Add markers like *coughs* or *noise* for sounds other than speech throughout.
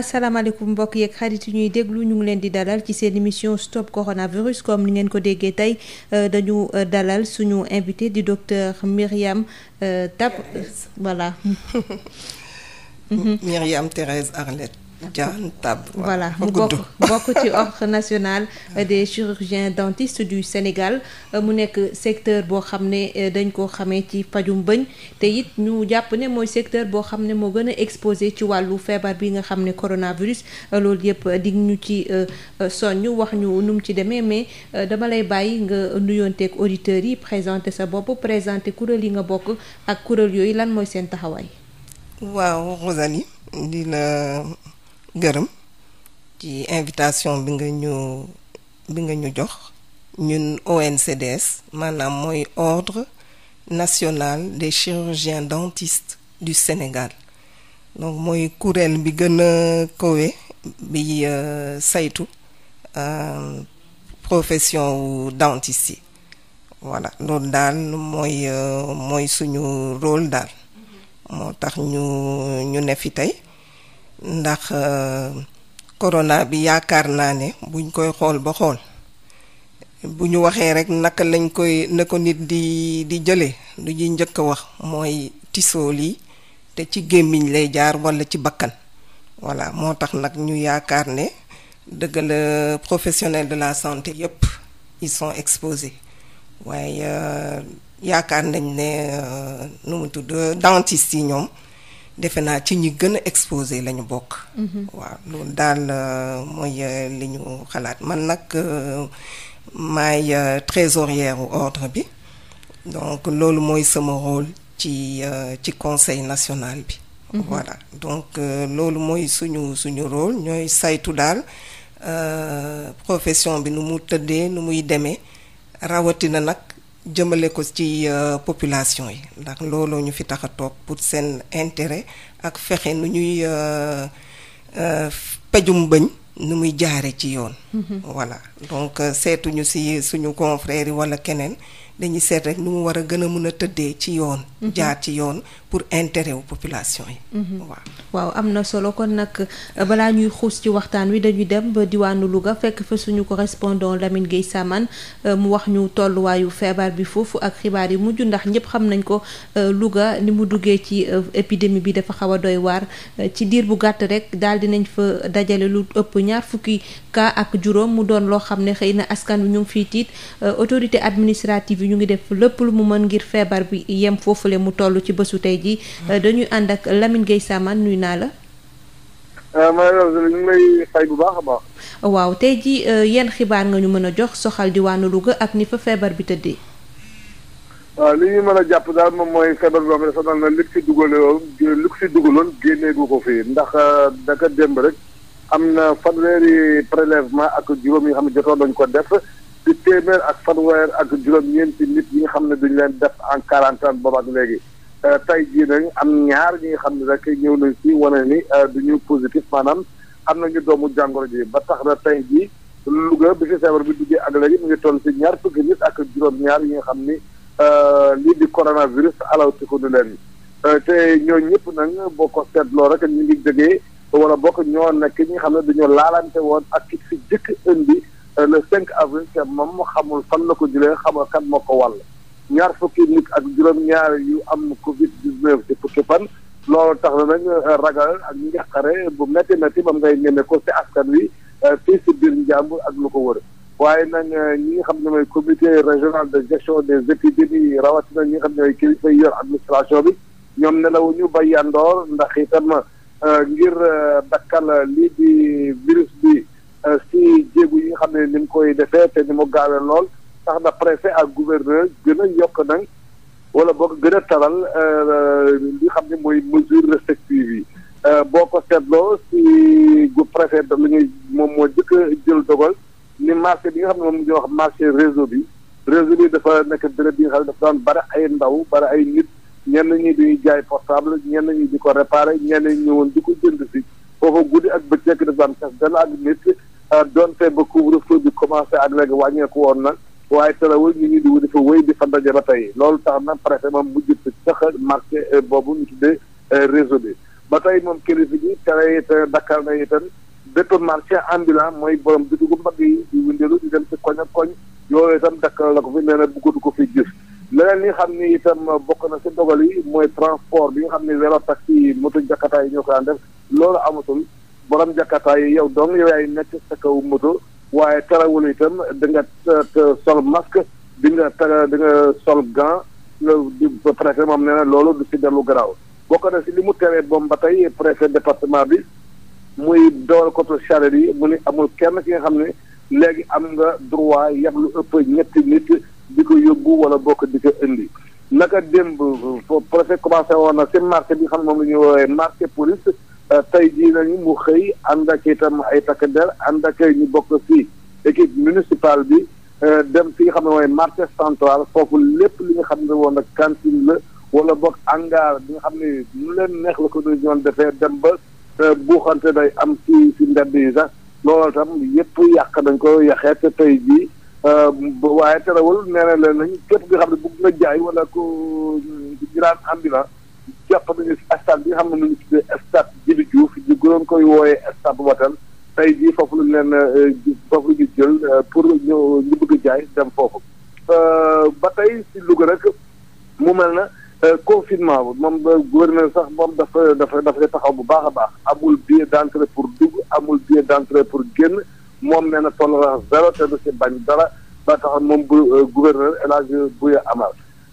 asalaamaaleykum mbokk yeeg xarit yi ñuy déglu ñu ngi leen di dalal ci seen émission stop coronavirus comme ni ngeen ko déggee tey euh, dañu euh, dalal suñu invité di docteur Myriam euh, Tap voilà. *laughs* Mhm. Myriam Thérèse Arlette. voilà mu bokk bokk ci ordre nationale *laughs* des chirurgiens dentistes du Sénégal euh, mu nekk secteur boo xam ne euh, dañ koo xamee ci pajum bëñ te it ñu jàpp ne mooy secteur boo xam ne moo gën a exposé ci wàllu feebar bi nga xam ne coronavirus euh, loolu yëpp dig ñu ci soññ wax ñu nu mu ci demee mais dama lay bàyyi nga nuyonteeg auditeurs yi présenté sa bopp présenté kuréel yi nga bokk ak kuréel yooyu lan mooy seen taxawaay waaw Rosalie gërëm ci invitation bi nga ñu bi nga ñu jox ñun ONCDS maanaam mooy ordre national des chirurgiens dentistes du Sénégal donc mooy kuréel bi gën a kowe bi euh, saytu euh, profession wu dentiste yi voilà loolu daal mooy euh, mooy suñu rôle daal moo tax ñu ñu ne fi tey ndax euh, corona bi yaakaar naa ne buñ koy xool ba xool bu ñu waxee rek naka lañ koy na ko nit di di jëlee lu ñuy njëkk a wax mooy tisool yi te ci gémmiñ lay jaar walla ci bakkan voilà moo tax nag ñu yaakaar ne dëgg la professionnel de la santé yépp ils sont exposés waaye euh, yaakaar nañ ne euh, nu mu tudd dentiste yi ñoom defe naa ci ñi gën a exposé la ñu bokk. Mhm. waaw loolu daal euh, mooy euh, li ñu xalaat man nag euh, may trésorière u ordre bi donc loolu mooy sama rôle ci ci conseil national bi. Mhm. voilà donc loolu mooy suñu suñu rôle ñooy saytu daal profession bi nu mu tëddee nu muy demee rawatina nag. jëmale ko ci euh, population yi ndax looloo ñu fi tax a toog pour seen intéret ak fexe nu ñuy euh, euh, pajum bëñ nu muy jaare ci yoon. Mm-hmm. voilà donc seetuñu si suñu confrère yi walla keneen. dañuy seet rek nu mu war a gën a mën a tëddee ci yoon. Mhm. jaar ci yoon pour intérêt wu population yi. Mhm. waaw waaw am na solo kon nag euh, balaa ñuy xuus ci waxtaan wi dañuy dem ba diwaanu Louga fekk fa suñu ko correspondant Lamine Gueye Samane euh, mu wax ñu tolluwaayu feebar bi foofu ak xibaar yi mujj ndax ñëpp xam nañ ko euh, luga ni mu duggee ci épidémie bi dafa xaw a doy waar ci diir bu gàtt rek dal di nañ fa dajale lu ëpp ñaar fukki cas ak juróom mu doon loo xam ne xëy na askan ñu ngi def lépp lu mu mën ngir feebar bi yem foofule mu toll ci bésu tey ji euh, dañuy ànd ak Lamine Gueye Samane nuyu naa la. Euh, maanaam ñu ngi lay bu baax a baax. waaw tey ji euh, yan xibaar nga ñu mën a jox soxal diwaanu Louga ak ni fa feebar bi tëddee. waaw li ñu mën a jàpp daal moom mooy feebar bi moom dafa naan la li ci ci dugaloon génnee gu ko fii ndax daka démb rek am na fanweeri prélèvement ak juróom yi xam ne jotoon nañu ko def. ci téeméer ak fanweer ak juróom-ñeenti nit yi nga xam ne dañu leen def en quarantaine boobu ak léegi euh, tey jii nag am ñaar ñi nga xam ne rek ñëw nañ ci wane ni euh, du ñu positif maanaam am ñu doomu jàngoro ji ba tax na tey jii Louga bi fi feebar bi duggee ak léegi mu ngi toll ci ñaar fukki nit ak juróom-ñaar yi nga xam ni euh, lii di coronavirus alawti ko nu leen te ñoo ñëpp nag boo ko seetloo rek ñu ngi jógee wala bokk ñoo nekk ñi nga xam ne dañoo laalante woon ak ki fi jëkk indi Euh, le 5 avril te moom xamul fan la ko jëlee xamal kan moo ko wàll ñaar fukki nit ak juróom-ñaar yu am Covid 19 ci fukki fan loolu tax na nañ euh, ragal ak njaqare bu métti métti moom ngay ñeme ko ci askan wi euh, fii ci biir njàmbur ak lu ko wër waaye nag ñi nga xam ne mooy comité régional de gestion des épidémies rawatina ñi nga xam ne mooy kilifa yi yor administration bi ñoom nelawuñu bàyyandoor ndax itam ngir dakkal lii di virus bi. Euh, si jéegu yi nga xam ne ni mu koy defee te ni mu gaawee lool tax na préfet ak gouverneur gën a yokk nag wala boo ko gën a taral euh, li xam ne mooy mesure respective yi euh, boo ko seetloo si gu préfet da la ñuy moom moo jëkk jël dogal ni marché bi nga xam ne moom ñuy wax marché réseau bi réseau bi dafa nekk béréb bi nga xam ne dafa daan bari ay ndaw bari ay nit ñenn ñi dañuy jaay portable ñenn ñi di ko réparé ñenn ñi ñëwoon di ko jënd si foofa guddi ak bëccëg dafa daan fees dal ak nit Euh, donte ba couvre-feu bi commencé ak léegi wàññeeku woon na waaye terewul ñu ngi di dafa wéy di fa daje ba tey loolu tax na préfet moom mujj sax marché euh, boobu ñu tuddee euh, réseau bi ba tay moom kilifa gi tere it Dakar na itam bépp marché ambulant mooy borom bitigu mag yi di windelu di dem ci koñ ak koñ yooyu itam Dakar la ko fi nee na ko fi gis leneen li xam ni itam bokk na ci dogal yi mooy transport bi nga xam ne vélo taxi yi moto jakarta yi ñoo ko daan def loolu amatul borom jakarta yi yow dong yow yaay nekk sa kaw moto waaye tarawul itam di nga sol masque di nga tara di nga sol gant di préfet moom nee na loolu du si dellu boo ko na si li mu teree boom ba tey préfet département bi muy door koto charette yi mu ni amul kenn ki nga xam ne léegi am nga droit yab lu ëpp ñetti nit di ko yóbbu wala ko di ko indi naka démb préfet commencé woon na si marché bi xam moom la ñuy woowee marché police Euh, tey jii lañu mu xëy ànd ak itam ay takk der ànd ak ñu bokk si équipe municipale bi euh, dem si nga xam ne mooy marché central foofu lépp li nga xam ne woon ak cantine wala bok hangar bi nga xam ne lu leen neex la ko doon ñoon defee dem ba euh, buuxante day am si si mbedd yi sax loolu tam yëpp yàq dañ ko yàqee te tey jii waaye terewul nee na leen nañ képp nga xam ne bëgg nga jaay wala ko jiraan ambulance jàpp nañu stade bi nga xam ne ñu tuddee stade Djibi Diouf ñu gënoon koy wooyee stade Watane tey jii foofu lu leen euh, foofu la ñu jël euh, pour ñu ñu bëgg jaay dem foofu. Euh, ba tey si Louga rek mu mel na confinement moom gouverneur sax moom dafa dafa dafa taxaw bu baax a baax amul billet d'entrée pour dugg amul billet d'entrée pour génn moom nee na tolérance zéro te du si bañ dara ba taxoon moom bu gouverneur El Hadj Bouya Amar.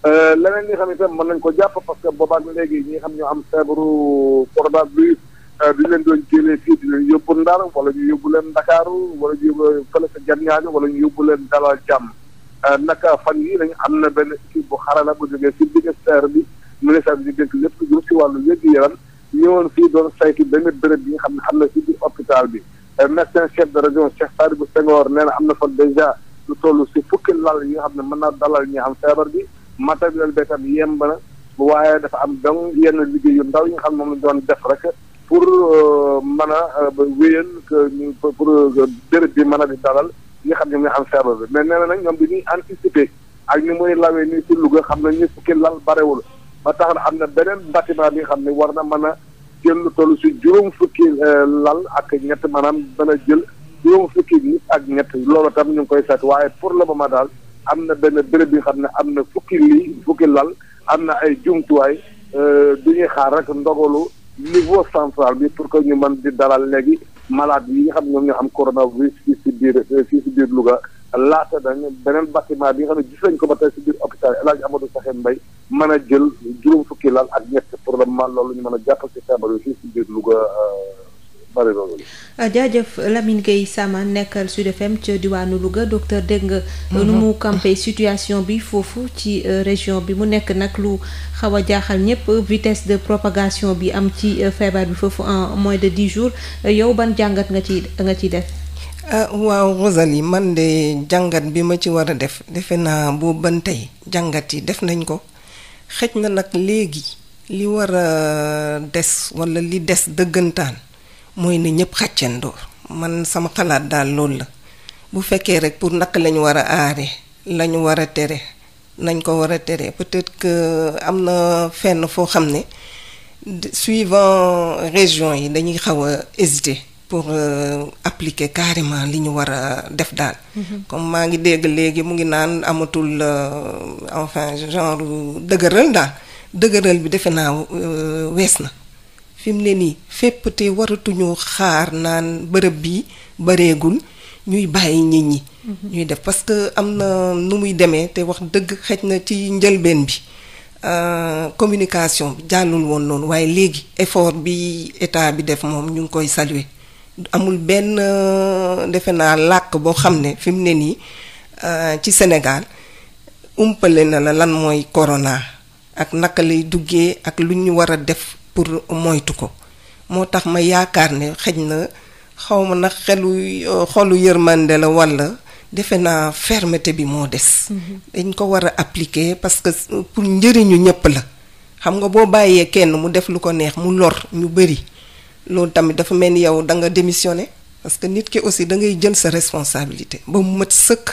Euh, leneen li nga xam itam mën nañ ko jàpp parce que boobaag léegi ñi nga xam ñoo am feebaru coronavirus bi euh, leen doon jëlee fii di leen yóbbu Ndar wala ñu yóbbu leen Ndakaaru wala ñu yóbbu leen fële ca Jarñaañu wala ñu yóbbu leen Dalal Jàmm euh, naka fan yii dañu am na benn équipe bu xarala bu jógee si ministère bi ministère bi ñu dénk lépp jëm si wàllu wér-gu-yaram ñëwoon fii doon saytu benn béréb bi nga xam ne am na si biir hôpital bi médecin chef de région Cheikh Sadibou Senghor nee na am na fa dèjà lu toll si fukki lal yi nga xam ne mën naa dalal ñi am feebar bi matériel bi tam yemb na waaye dafa am donc yenn liggéey yu ndaw yi xam moom la doon def rek pour euh, man a euh, wéyal pour euh, béréb bi mën a di dalal ñi xam ne ñoo am feebar bi mais nee na ñoom bi ñuy anticiper ak ni muy lawee nii ci Louga xam nañ ni fukki lal barewul ba tax na am na beneen bâtiment bi nga xam ne war na mën a jël lu toll si juróom fukki lal ak ñett maanaam mën a jël juróom fukki bi ak ñett loolu tam ñu ngi koy seet waaye pour la le ma daal. am na benn béréb bi nga xam ne am na fukki lii fukki lal am na ay jumtuwaay euh, du ñuy xaar rek ndogalu niveau central bi pour que ñu mën di dalal léegi malade yi nga xam ne ñoom ñoo am coronavirus fii si biir euh, fii si biir Louga laata dañ beneen bâtiment bi nga xam ne gis nañ ko ba tey si biir hôpital El Hadj Amadou Sakhir Mbaye mën a jël juróom fukki lal ak ñett pour le moment loolu ñu mën a jàppal ci feebar bi fii si biir Louga euh, pare loolu. jaajëf Lamine Gueye Sama nekkal Sud FM ca diwaanu Louga docteur dégg nga. Mhm. nu mu campé situation bi foofu ci euh, région bi mu nekk nag lu xaw a jaaxal ñëpp vitesse de propagation bi am ci euh, feebar bi foofu en moins de di jours yow ban jàngat nga ci nga ciy def. ah waaw Rosalie man de jàngat bi ma ci war a def defe naa boobu ban tey jàngat yi def nañ ko xëj na nag léegi. li war a des walla li des dëggantaan mooy ne ñëpp xàccandoo man sama xalaat daal loolu la bu fekkee rek pour naka lañu war a aare lañu war a tere nañ ko war a tere peut-être que am na fenn foo xam ne suivant région yi dañuy xaw a hésiter pour euh, appliquer carrément li ñu war a def daal. Mm-hmm. comme maa ngi dégg léegi mu ngi naan amatul euh, enfin genre dëgëral daal dëgëral bi defe naa euh, wees na. fi mu ne nii fépp te waratuñoo xaar naan bërëb bi bareegul ñuy bàyyi nit ñi. Mm-hmm. ñuy def parce que am na nu muy demee te wax dëgg xëj na ci njëlbeen bi euh, communication bi jàllul woon noonu waaye léegi effort bi état bi def moom ñu ngi koy saluer amul benn euh, defe naa làkk boo xam ne fi mu ne nii euh, ci Sénégal umpale na la lan mooy corona ak naka lay duggee ak lu ñu war a def. pour moytu ko moo tax ma yaakaar ne xëj na xaw ma nag xelu euh, xolu yërmande la walla defe naa fermeté bi moo des. Mm-hmm. dañ ko war a appliquer parce que pour njëriñu ñëpp la xam nga boo bàyyee kenn mu def lu ko neex mu lor ñu bëri loolu tamit dafa mel ni yow da nga démissionné parce que nit ki aussi da ngay jël sa responsabilité ba mu mat sëkk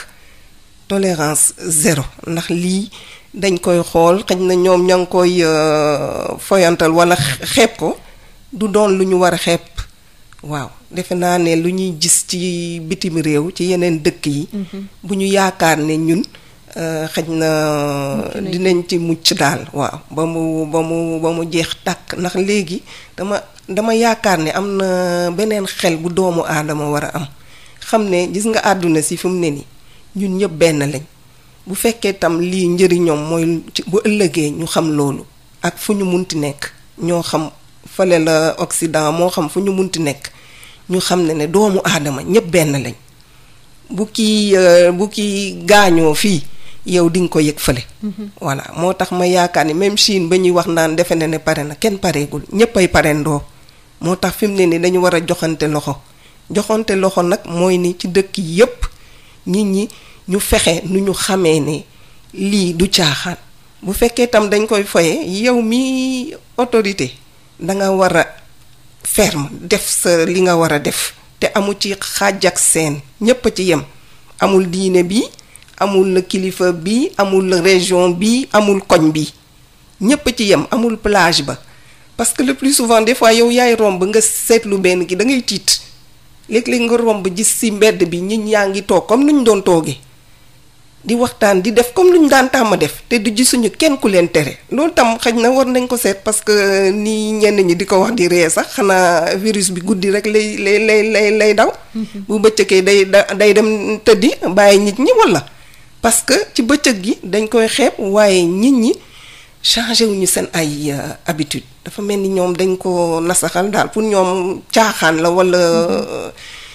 tolérance zéro ndax lii. dañ koy xool xaj na ñoom ña ngi koy euh, foyantal wala xeeb ko du doon lu ñu war a xepp waaw defe naa ne lu ñuy gis ci bitim réew ci yeneen dëkk yi mhm. bu ñu yaakaar ne ñun euh, xëj na dinañ ci mucc daal waaw ba mu ba mu ba mu jeex tàkk ndax léegi dama dama yaakaar ne am na beneen xel bu doomu aadama war a am xam ne gis nga àdduna si fi ne nii ñun ñëpp benn lañ bu fekkee tam lii njëriñoom mooy bu ëllëgee ñu xam loolu ak fu ñu munti nekk ñoo xam fale la moo xam fu ñu munti nekk ñu xam ne ne doomu aadama ñëpp benn lañ bu kii euh, bu kii gaañoo fii yow di nga ko yëg fële. Mhm. voilà moo tax ma yaakaar ni même Chine ba ñuy wax naan defe na ne pare na kenn pareegul ñëpp ay parendoo moo tax fi mu ne nii dañu war a joxante loxo joxante loxo nag mooy ni ci dëkk yépp nit ñi. ñu fexe nu ñu xamee ne lii du caaxaan bu fekkee tam dañ koy foye yow mi autorité danga nga war a ferme def sa li nga war a def te amu ci xaaj ak seen ñépp ci yem amul diine bi amul kilifa bi amul région bi amul koñ bi ñépp ci yem amul plage ba parce que le plus souvent des fois yow yaay romb nga seetlu benn ki da ngay tiit léeg-léeg nga romb gis ci mbedd bi ñi yaa ngi toog comme ñu doon toogee di waxtaan di def comme lu ñu daan tàmm def te du gisuñu kenn ku leen tere loolu tam xaj na war nañ ko seet parce nii ni ñenn ñi di ko wax di ree sax xanaa virus bi guddi rek lay lay lay lay daw. Mhm. bu bëccëgee day day dem tëddi bàyyi nit ñi walla. parce que ci bëccëg gi dañ koy xeeb waaye nit ñi changé ñu seen ay euh, habitude dafa mel ni ñoom dañ ko nasaxal daal pour ñoom caaxaan la walla. Mhm.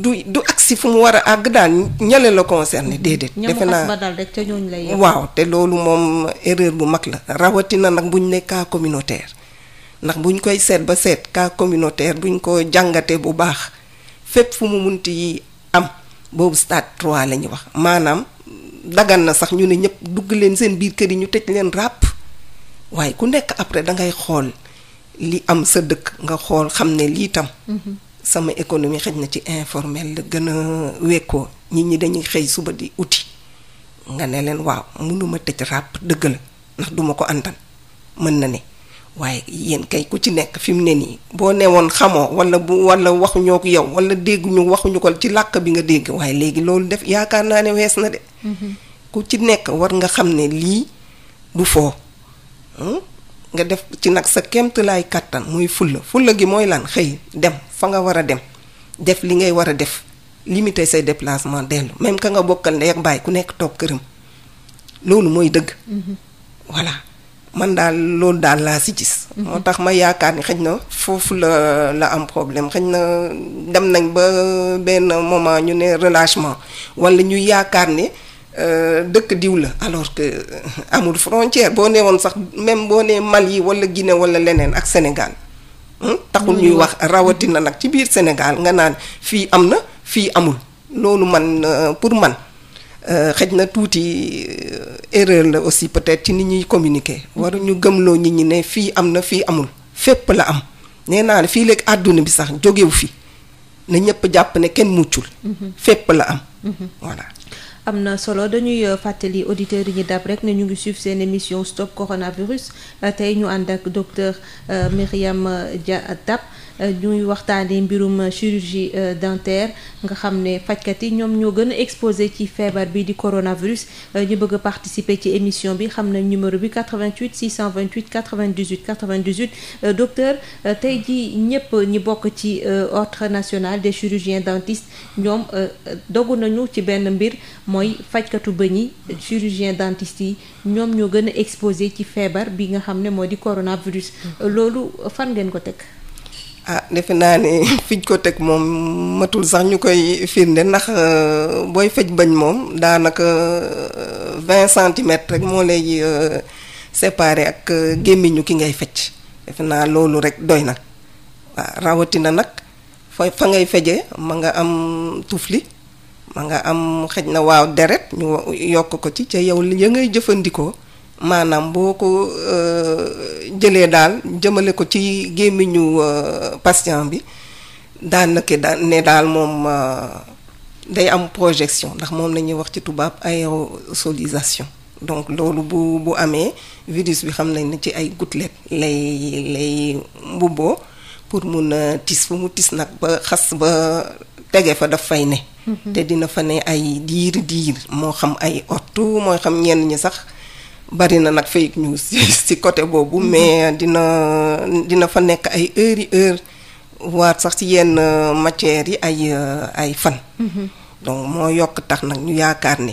du du agsi fu mu war a àgg daal ñale la concerné déedéet. defe naa ba rek ca ñooñu lay waaw te loolu moom erreur bu mag la rawatina nag bu ñu ne cas communautaire ndax bu koy seet ba seet cas communautaire bu ñu ko jàngatee bu baax fépp fu mu munti yi am boobu stade 3 la ñuy wax maanaam dagan na sax ñu ne ñëpp dugg leen seen biir kër yi ñu tëj leen ràpp waaye ku nekk après da ngay xool li am sa dëkk nga xool xam ne lii tam. Mhm. sama économie xëj na ci informel la gën a wekkoo nit ñi dañuy xëy suba di uti nga ne leen waaw mënuma tëj ràpp dëgg la ndax duma ko antan mën na ne waaye yéen kay ku ci nekk fi mu ne nii boo newoon xamoo wala bu wala waxuñoo ko yow wala dégguñu waxuñu ko ci làkk bi nga dégg waaye léegi loolu def yaakaar naa ne wees na de. Mhm. ku ci nekk war nga xam ne lii du foo. Hmm? nga def ci nag sa kemtulaay kàttan muy fulla fulla gi mooy lan xëy dem fa nga war a dem def li ngay war a def limiter say déplacement dellu même ka nga bokkal ndey ak ku nekk toog këram loolu mooy dëgg mm-hmm. voilà man daal loolu daal laa si gis mm-hmm. moo tax ma yaakaar ni xëj na foofu la la am problème xëj na dem nañ ba benn moment ñu ne relâchement wala ñuy yaakaar ne Euh, dëkk diw la alors que euh, amul frontière boo nee woon sax même boo nee yi wala gine wala leneen ak Sénégal hmm, taxul ñuy wax rawatina nag ci biir Sénégal nga naan fii am na fii amul loolu man euh, pour man xëj na tuuti erreur la aussi peut-être ci nit ñuy communiquer waru ñu gëmloo nit ñi ne fii am na fii amul fépp la am nee naa fii léegi àdduna bi sax jógewu fi na ñëpp jàpp ne kenn muccul mhm. fépp la am mhm. voilà am na solo dañuy euh, fàttali auditeurs yi ñu dab rek ne ñu ngi suivre seen émission stop coronavirus euh, tey ñu ànd ak docteur euh, Myriam Dia Dab ñuy waxtaanee mbirum chirurgie euh, dentaire nga xam ne fajkat yi ñoom ñoo gën a exposé ci feebar bi di coronavirus euh, ñu bëgg a participer ci émission bi xam nañ numéro bi 88 628 98 98 docteur euh, tey ji ñëpp ñi bokk ci ordre national des chirurgiens dentistes ñoom dogu nañu ci benn mbir mooy fajkatu ba yi chirurgien dentiste yi ñoom ñoo gën a exposé ci feebar bi nga xam ne mooy di coronavirus mm. loolu fan ngeen ko teg ah defe naa ne *laughs* fiñ ko teg moom matul sax ñu koy firnde ndax euh, booy fej bañ moom daanaka euh, vingt centimètres rek moo lay euh, séparé ak gémmiñu ki ngay fecc defe naa loolu rek doy na waaw rawatina nag fa fa ngay feje ma nga am tufli ma nga am xëj na waaw deret ñu yokk ko ci ca yow li ngay jëfandikoo maanaam boo ko euh, jëlee daal jëmale ko ci gémmiñu euh, patient bi daanaka da ne daal moom euh, day am projection ndax moom la wax ci tubaab aérosolisation donc loolu bu bu amee virus bi xam nañ ne ci ay gouttelettes lay lay mbubboo pour mun a tis fu mu tis nag ba xas ba tege fa daf fay ne. Mm-hmm. te dina fa ne ay diir diir moo xam ay ottu mooy xam ñenn ñi sax. bari na nag fake news si *laughs* côté boobu mhm. mais dina dina fa nekk ay heures yi heures waat sax ci yenn euh, matières yi ay euh, ay fan mhm. donc moo yokk tax nag ñu yaakaar ne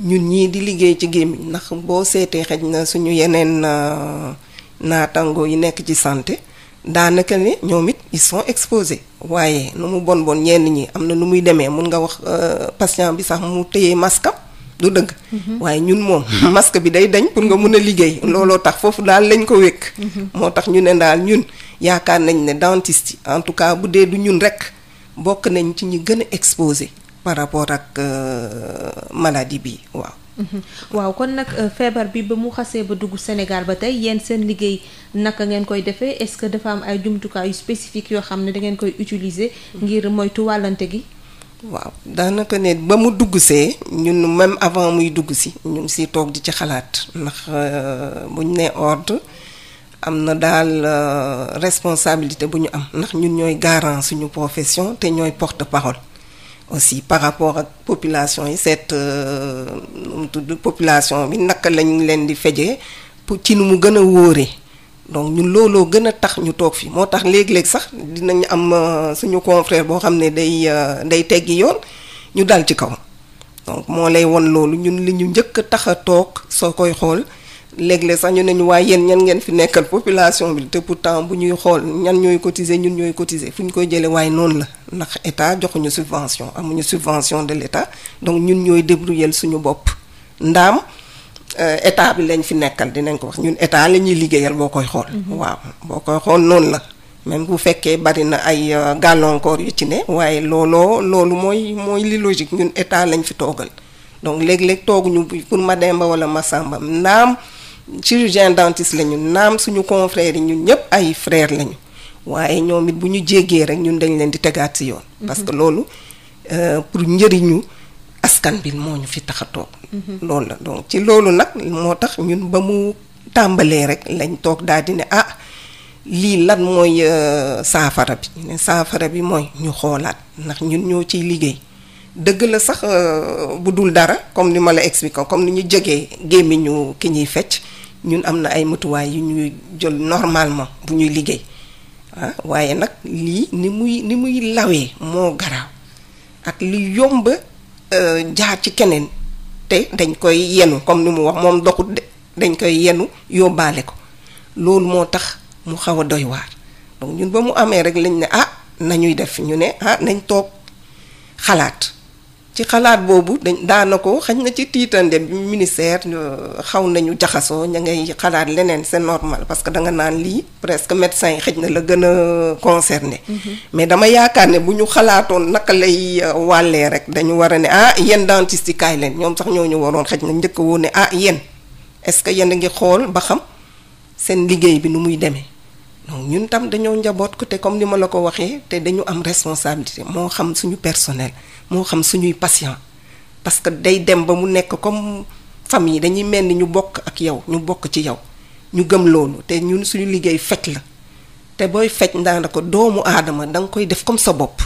ñun ñii di liggéey ci gémmiñ ndax boo seetee xëj na suñu yeneen euh, naataango yi nekk ci santé daanaka ne ñoom it ils sont exposé waaye nu mu bon bon ñenn ñi am na nu muy demee mun nga wax patient bi sax mu téyee masque du dëgg. waaye ñun moom *laughs* masque bi day dañ pour nga mun a liggéey looloo tax foofu daal lañ ko wékk. moo tax ñu ne daal ñun yaakaar nañ ne dentiste yi en tout cas bu dee du ñun rek bokk nañ ci ñu gën a exposé par rapport ak euh, maladie bi waaw. *laughs* waaw kon nag euh, feebar bi ba mu xasee ba dugg Sénégal ba tey yéen seen liggéey naka ngeen koy defee est-ce que dafa am ay jumtukaay yu spécifique yoo xam ne da ngeen koy utiliser. ngir moytu wàllante gi. waaw daanaka ne ba mu dugg see ñun même avant muy dugg si ñu ngi toog di ci xalaat ndax euh, bu ñu nee ordre am na daal euh, responsabilité bu ñu am ndax ñun ñooy garant suñu profession te ñooy porte-parole aussi par rapport ak population yi seet euh, nu mu tudd population bi naka lañ leen di fejee pour ci nu mu gën a wóoree donc ñun looloo gën a tax ñu toog fii moo tax léeg-léeg sax dinañ am euh, suñu confrère boo xam ne day euh, day teggi yoon ñu dal ci kaw donc moo lay won loolu ñun li ñu njëkk a tax a toog soo koy xool léeg sax ñu ne ñu waaye yéen ñan ngeen fi nekkal population bi te temps bu ñuy xool ñan ñooy cotiser ñun ñooy cotiser fu ñu koy jëlee waaye noonu la ndax état joxuñu subvention amuñu subvention de l' donc ñun ñooy débrouiller suñu bopp ndaam. Euh, état bi lañ fi nekkal dinañ ko wax ñun état la ñuy liggéeyal boo koy xool. Mhm. waaw boo koy xool noonu la. même bu fekkee bari na ay euh, gàllankoor yu ci ne waaye looloo loolu mooy mooy li logique ñun état lañ fi toogal donc léeg-léeg tooguñu pour ma demba wala ma sàmba naam chirurgien dentiste lañu naam suñu confrères yi ñun ñëpp ay frères lañu waaye ñoom it bu ñu jéggee rek ñun dañ leen di tegaat si yoon. Mhm. parce que loolu euh, pour njëriñu. askan bi moo ñu fi tax a toog. loolu la donc ci loolu nag moo tax ñun ba mu tàmbalee rek lañ toog daal di ne ah lii lan mooy euh, saafara bi. ne saafara bi mooy ñu xoolaat ndax ñun ñoo ciy liggéey dëgg la sax euh, bu dul dara comme ni ma la expliqué comme ni ñu jógee gémmiñu ki ñuy fecc ñun am na ay matuwaay yu ñuy jël normalement bu ñuy liggéey ah, waaye nag lii ni muy ni muy lawee moo garaaw ak li yomb. Euh, jaar ci keneen te dañ koy yenu comme ni mu wax moom doxut de dañ koy yenu yóbbaale ko loolu moo tax mu xaw a doy waar donc ñun ba mu amee rek lañ ne ah nañuy def ñu ne ah nañ toog xalaat ci xalaat boobu dañ daana ko xañ na ci tiitande bi ministère euh, xaw nañu jaxasoo ña ngay xalaat leneen c'est normal parce que da nga naan lii presque médecin yi xëj na la gën a concerné mhm. mais dama yaakaar ne bu ñu xalaatoon naka lay euh, wàllee rek dañu war a ne ah yéen dentiste yi leen ñoom sax ñoo ñu waroon xëj na njëkk woon ne ah yéen est-ce que yéen a ngi xool ba xam seen liggéey bi nu muy demee non ñun tam dañoo njaboot ko te comme ni ma la ko waxee te dañu am responsabilité moo xam suñu personnel moo xam suñuy patient parce que day dem ba mu nekk comme yi dañuy mel ni ñu bokk ak yow ñu bokk ci yow ñu gëm loolu te ñun suñu liggéey fecc la te booy fecc ndaa na ko doomu aadama da nga koy def comme sa bopp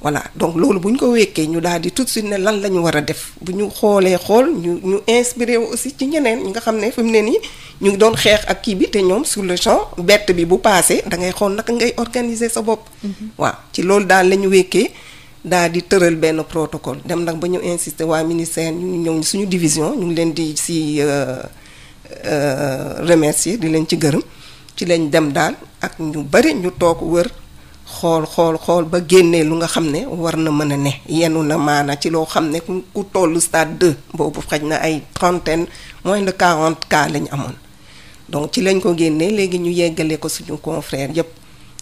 voilà donc loolu bu ñu ko wékkee ñu daal di tout de ne lan la ñu war a def bu ñu xoolee xool ñu ñu inspiré aussi ci ñeneen ñi nga xam ne fi mu ne nii ñu ngi doon xeex ak kii bi te ñoom sur le champ bett bi bu paasee dangay xool nag ngay organiser sa bopp. Mm-hmm. waaw ci loolu daal la ñu wékkee daal di tëral benn protocole dem nag ba ñu insister waa ministère ñu ñëw suñu division ñu ngi leen di si euh, euh, remercier di leen ci gërëm ci lañ dem daal ak ñu bari ñu toog wër. xool xool xool ba génnee lu nga xam ne war na mën a ne yenu na maana ci loo xam ne ku ku toll stade deux boobu xaj na ay trentaine moins de quarante cas lañ amoon donc ci lañ ko génnee léegi ñu yeggale ko suñu confrère yëpp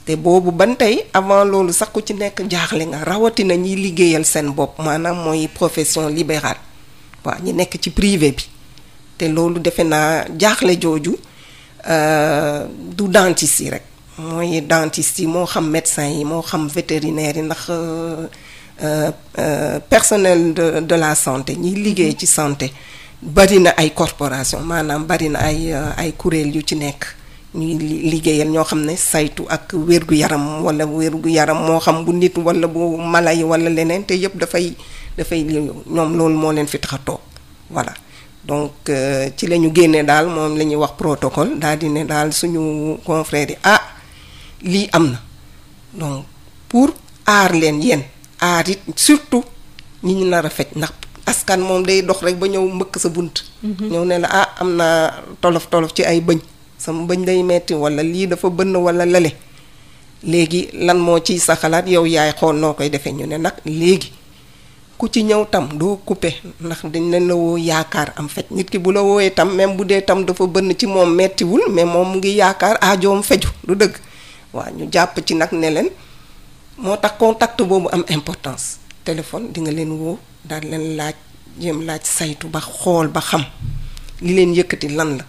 te boobu ban tey avant loolu sax ku ci nekk jaaxle nga rawatina ñiy liggéeyal seen bopp maanaam mooy profession libérale waaw ñi nekk ci privé bi te loolu defe naa jaaxle jooju euh, du dentiste yi rek mooy dentiste yi moo xam médecin yi moo xam vétérinaire yi ndax euh, euh, euh, personnel de la santé ñiy liggéey ci santé bari na ay corporation maanaam bari na ay ay kuréel yu ci nekk ñuy liggéeyal ñoo xam ne saytu ak wérgu yaram wala wérgu yaram moo xam bu nit wala bu mala yi wala leneen te yëpp dafay dafay ñoom loolu moo leen fi tax a toog voilà donc ci lañu ñu génnee daal moom la ñuy wax protocole daal di ne daal suñu confrère yi ah. lii am na donc pour aar leen yéen aar it surtout ñi ñu nar a fecc ndax askan moom day dox rek ba ñëw mbëkk sa bunt. Mhm. ñëw ne la ah am naa tolof tolof ci ay bëñ sama bëñ day metti wala lii dafa bënn walla lale léegi lan moo ciy sa xalaat yow yaay xool noo koy defee ñu ne nag léegi ku ci ñëw tam doo couper ndax dañ leen la woo yaakaar am fecc nit ki bu la wooyee tam même bu dee tam dafa bënn ci moom mettiwul mais moom mu ngi yaakaar aajoom feju du dëgg. waaw ñu jàpp ci nag ne leen moo tax contact boobu am importance téléphone di nga leen woo daal leen laaj jéem laaj saytu ba xool ba xam li leen yëkkati lan la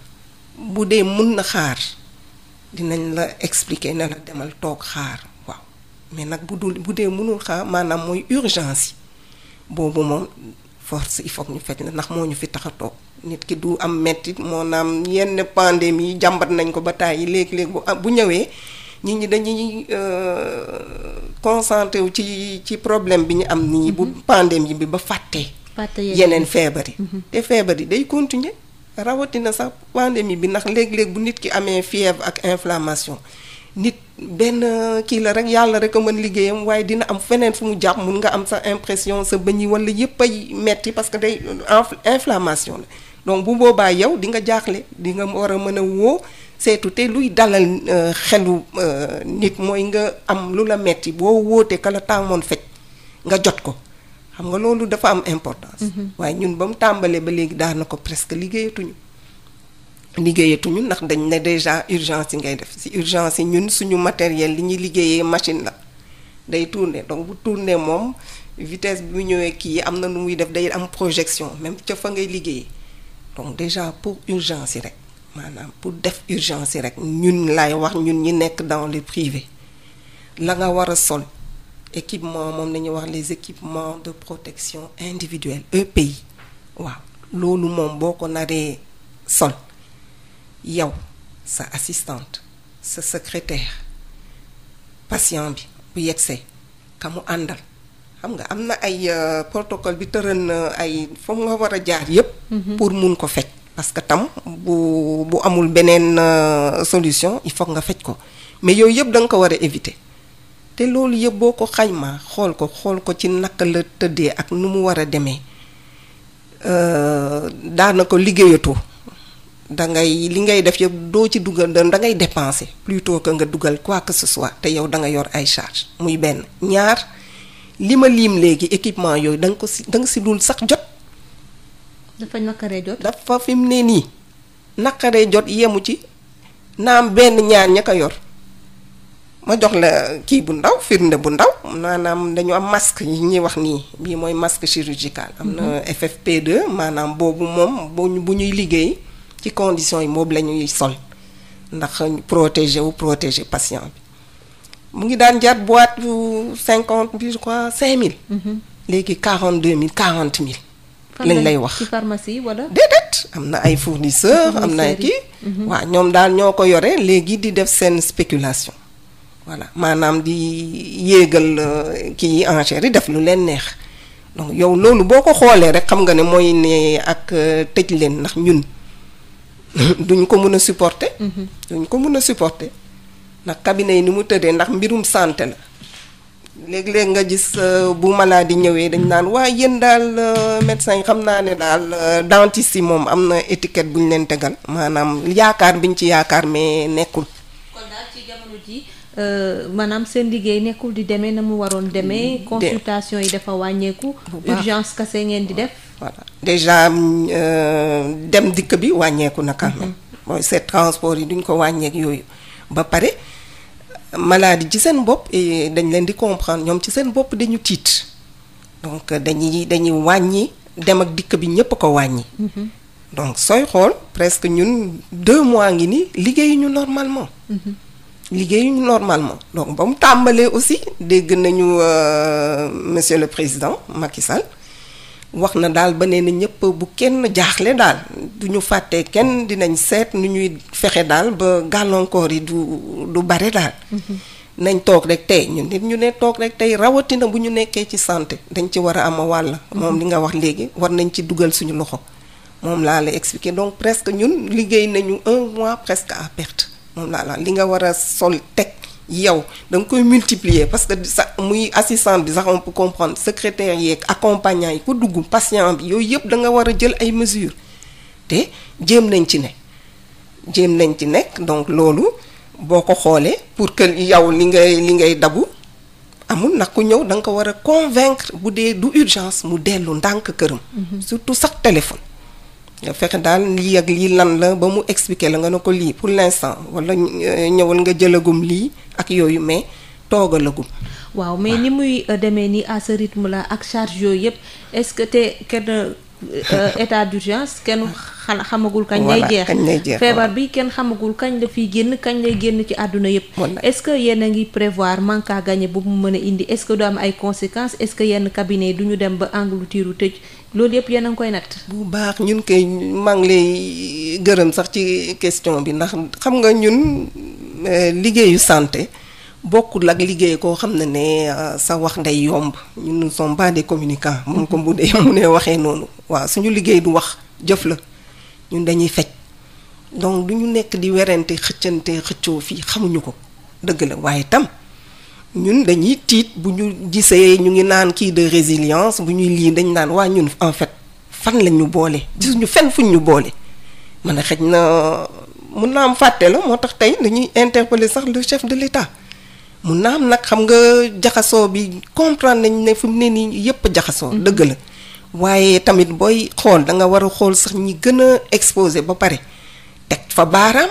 bu dee mun na xaar dinañ la expliquer ne la demal toog xaar waaw mais nag bu dul bu dee mënul xaar maanaam mooy urgence yi boobu moom force il faut ñu fekk la ndax moo ñu fi tax a toog nit ki du am mettit moo naam yenn pandémie yi jàmbat nañ ko ba tàyyi léegi léeg-léeg bu ñëwee nit ñi dañuy euh, concentré wu ci ci problème bi ñu am nii bu mhm. pandémie bi ba fàttee yeneen feebar yi mhm. te feebar yi day continuer rawatina sa pandémie bi ndax léeg-léeg bu nit ki amee fièvre ak inflammation nit benn kii la rek yàlla rek a mën liggéeyam waaye dina am feneen fu mu jàpp mun nga am sa impression sa bëñ yi wala yëpp ay metti parce que day inflammation la donc bu boobaa yow di nga jaaxle di nga war a mën a woo seetu te luy dalal euh, xelu euh, nit mooy nga am lu la metti boo wóotee kala taamoon faj nga jot ko xam nga loolu dafa am importance. Mm-hmm. waaye ñun ba mu tàmbalee ba léegi daan na ko presque liggéeyatuñu. liggéeyatuñu ndax dañ ne déjà urgence yi ngay def si urgence yi ñun suñu matériel li ñuy liggéeyee machine la day tourner donc bu tourner moom vitesse bi mu ñëwee kii am na lu muy def day am projection même ca fa ngay liggéeyee donc déjà pour urgence yi rek. maanaam pour def urgence rek ñun lay wax ñun ñi nekk dans le privé la nga war a sol équipement moom nañu wax les équipements de protection individuelle EPI waaw loolu moom boo ko naree sol yow sa assistante sa secrétaire patient bi bu yegsee ka mu àndal xam nga am na ay euh, protocole bi tëral na ay fa nga war a jaar yépp mm-hmm. pour mun ko fekk parce que tam bu bu amul beneen euh, solution il faut nga faj ko mais yooyu yëpp da nga ko war a éviter te loolu yëpp boo ko xaymaa xool ko xool ko ci naka la tëddee ak nu mu war a demee euh, daanaka liggéeyatoo da ngay li ngay def yëpp doo ci dugal dangay ngay dépenser plutôt nga dugal quoi que ce soit te yow da nga yor ay charge muy benn ñaar li ma liim léegi équipement yooyu da nga ko si da nga si dul sax jot. dafa naqaree jot. dafa fi mu ne nii naqaree jot yemu ci naam benn ñaar ña ko yor ma jox la kii bu ndaw firnde bu ndaw maanaam dañu am masque yi ñuy wax nii bii mooy masque chirurgical. am na mhm. ffp maanaam boobu moom bu bu ñuy liggéey ci conditions yi moom la ñuy sol ndax protéger wu protéger patient bi. mu ngi daan jar boîte bu cinquante bi je cinq mille. Mhm. léegi quarante deux mille quarante mille. lañ lay wax ci pharmacie wala. déedéet am na ay fournisseurs am na ay kii. Mhm. waaw ñoom daal ñoo ko yore léegi di def seen spéculation. voilà maanaam di yéegal euh, kii enger yi def lu leen neex donc yow loolu boo ko xoolee rek xam nga ne mooy ne ak euh, tëj leen ndax ñun *laughs* duñ ko mën a supporter. Mhm. duñ ko mën a supporter ndax cabinet yi ni mu tëddee ndax mbirum santé la. léeg-léeg nga gis euh, bu di ñëwee dañ naan waaye yéen daal euh, médecin yi xam naa ne daal euh, dentiste yi moom am na étiquette bu ñu leen tegal maanaam yaakaar biñ ci yaakaar mais nekkul. ci jamono maanaam seen liggéey nekkul di demee na mu waroon demee. consultation yi dafa wàññeeku. urgence kase ngeen di def. voilà déjà dem dikk bi wàññeeku na quand mhm. mooy seet transport yi duñ ko wàññeek yooyu ba pare. maladie ci seen bopp et dañ leen di comprendre ñoom ci seen bopp dañu tiit donc dañuy dañuy wàññi dem ak dikk bi ñëpp ko wàññi. Mhm. donc sooy xool presque ñun deux mois ngi ni liggéeyuñu normalement. Mhm. liggéeyuñu normalement donc ba mu tàmbalee aussi dégg nañu euh, monsieur le président Macky Sall. wax na daal ba nee na ñëpp bu kenn jaaxle daal du ñu fàttee kenn dinañ seet nu ñuy fexe daal ba gàllankoor yi du du bare daal. Mm-hmm. nañ toog rek tey ñun nit ñu ne toog rek tey rawatina bu ñu nekkee ci santé dañ ci war a am wàll. Mm-hmm. moom li nga wax léegi war nañ ci dugal suñu loxo. moom laa la expliqué donc presque ñun liggéey nañu un mois presque à perte moom laa la li nga war a sol teg. yow danga koy multiplier parce que sax muy assistant bi sax on peut comprendre secrétaire yeeg accompagnant yi ko dugg patient bi yooyu yëpp da nga war a jël ay mesures te jéem nañ ci ne jéem nañ ci nekk donc loolu boo ko xoolee pour que yow li ngay li ngay dabu amul nag ku ñëw danga ko war a convaincre bu dee du urgence mu dellu ndànk këram. Mm-hmm. surtout sax téléphone. fexe daal lii ak lii lan la ba mu expliquer la nga ne ko lii pour l'instant wala euh, ñëwal nga jëlagum lii ak yooyu mais toogalagum. waaw mais ni muy euh, demee nii à ce rythme ak charge yooyu yëpp est-ce que te kenn euh, état d'urgence kenn xala xamagul kañ lay jeex feebar bi kenn xamagul kañ la fiy génn kañ lay génn ci àdduna yëpp est-ce que yéen a ngi prévoir manque à gagner bu mu mën a indi est-ce que du am ay conséquences est-ce que yenn cabinet yi du ñu dem ba engloutir tëj loolu yëpp yéen a ngi koy natt. bu baax ñun koy maa ngi lay gërëm sax ci question bi ndax xam nga ñun euh, liggéeyu santé bokkut ak liggéey koo xam ne ne euh, sa wax nday yomb ñun nous sommes pas des communicants. moom comme bu dee mu ne waxee noonu. waaw suñu liggéey du wax jëf la ñun dañuy faj donc duñu nekk di werante xëccante xëccoo fii xamuñu ko dëgg la waaye tam. ñun dañuy tiit bu ñu gisee ñu ngi naan kii de résilience bu ñuy lii dañ naan waa ñun en fait fan lañ ñu boole gisuñu fenn fuñ ñu boole man a xëj na mun naa am fàtte la moo tax tey dañuy interpeller sax le chef de l'État mun naa am nag xam nga jaxasoo bi comprendre nañ ne fu mu ne nii yëpp jaxasoo mm-hmm. dëgg la waaye tamit booy xool da nga war a xool sax ñi gën a exposé ba pare teg fa baaraam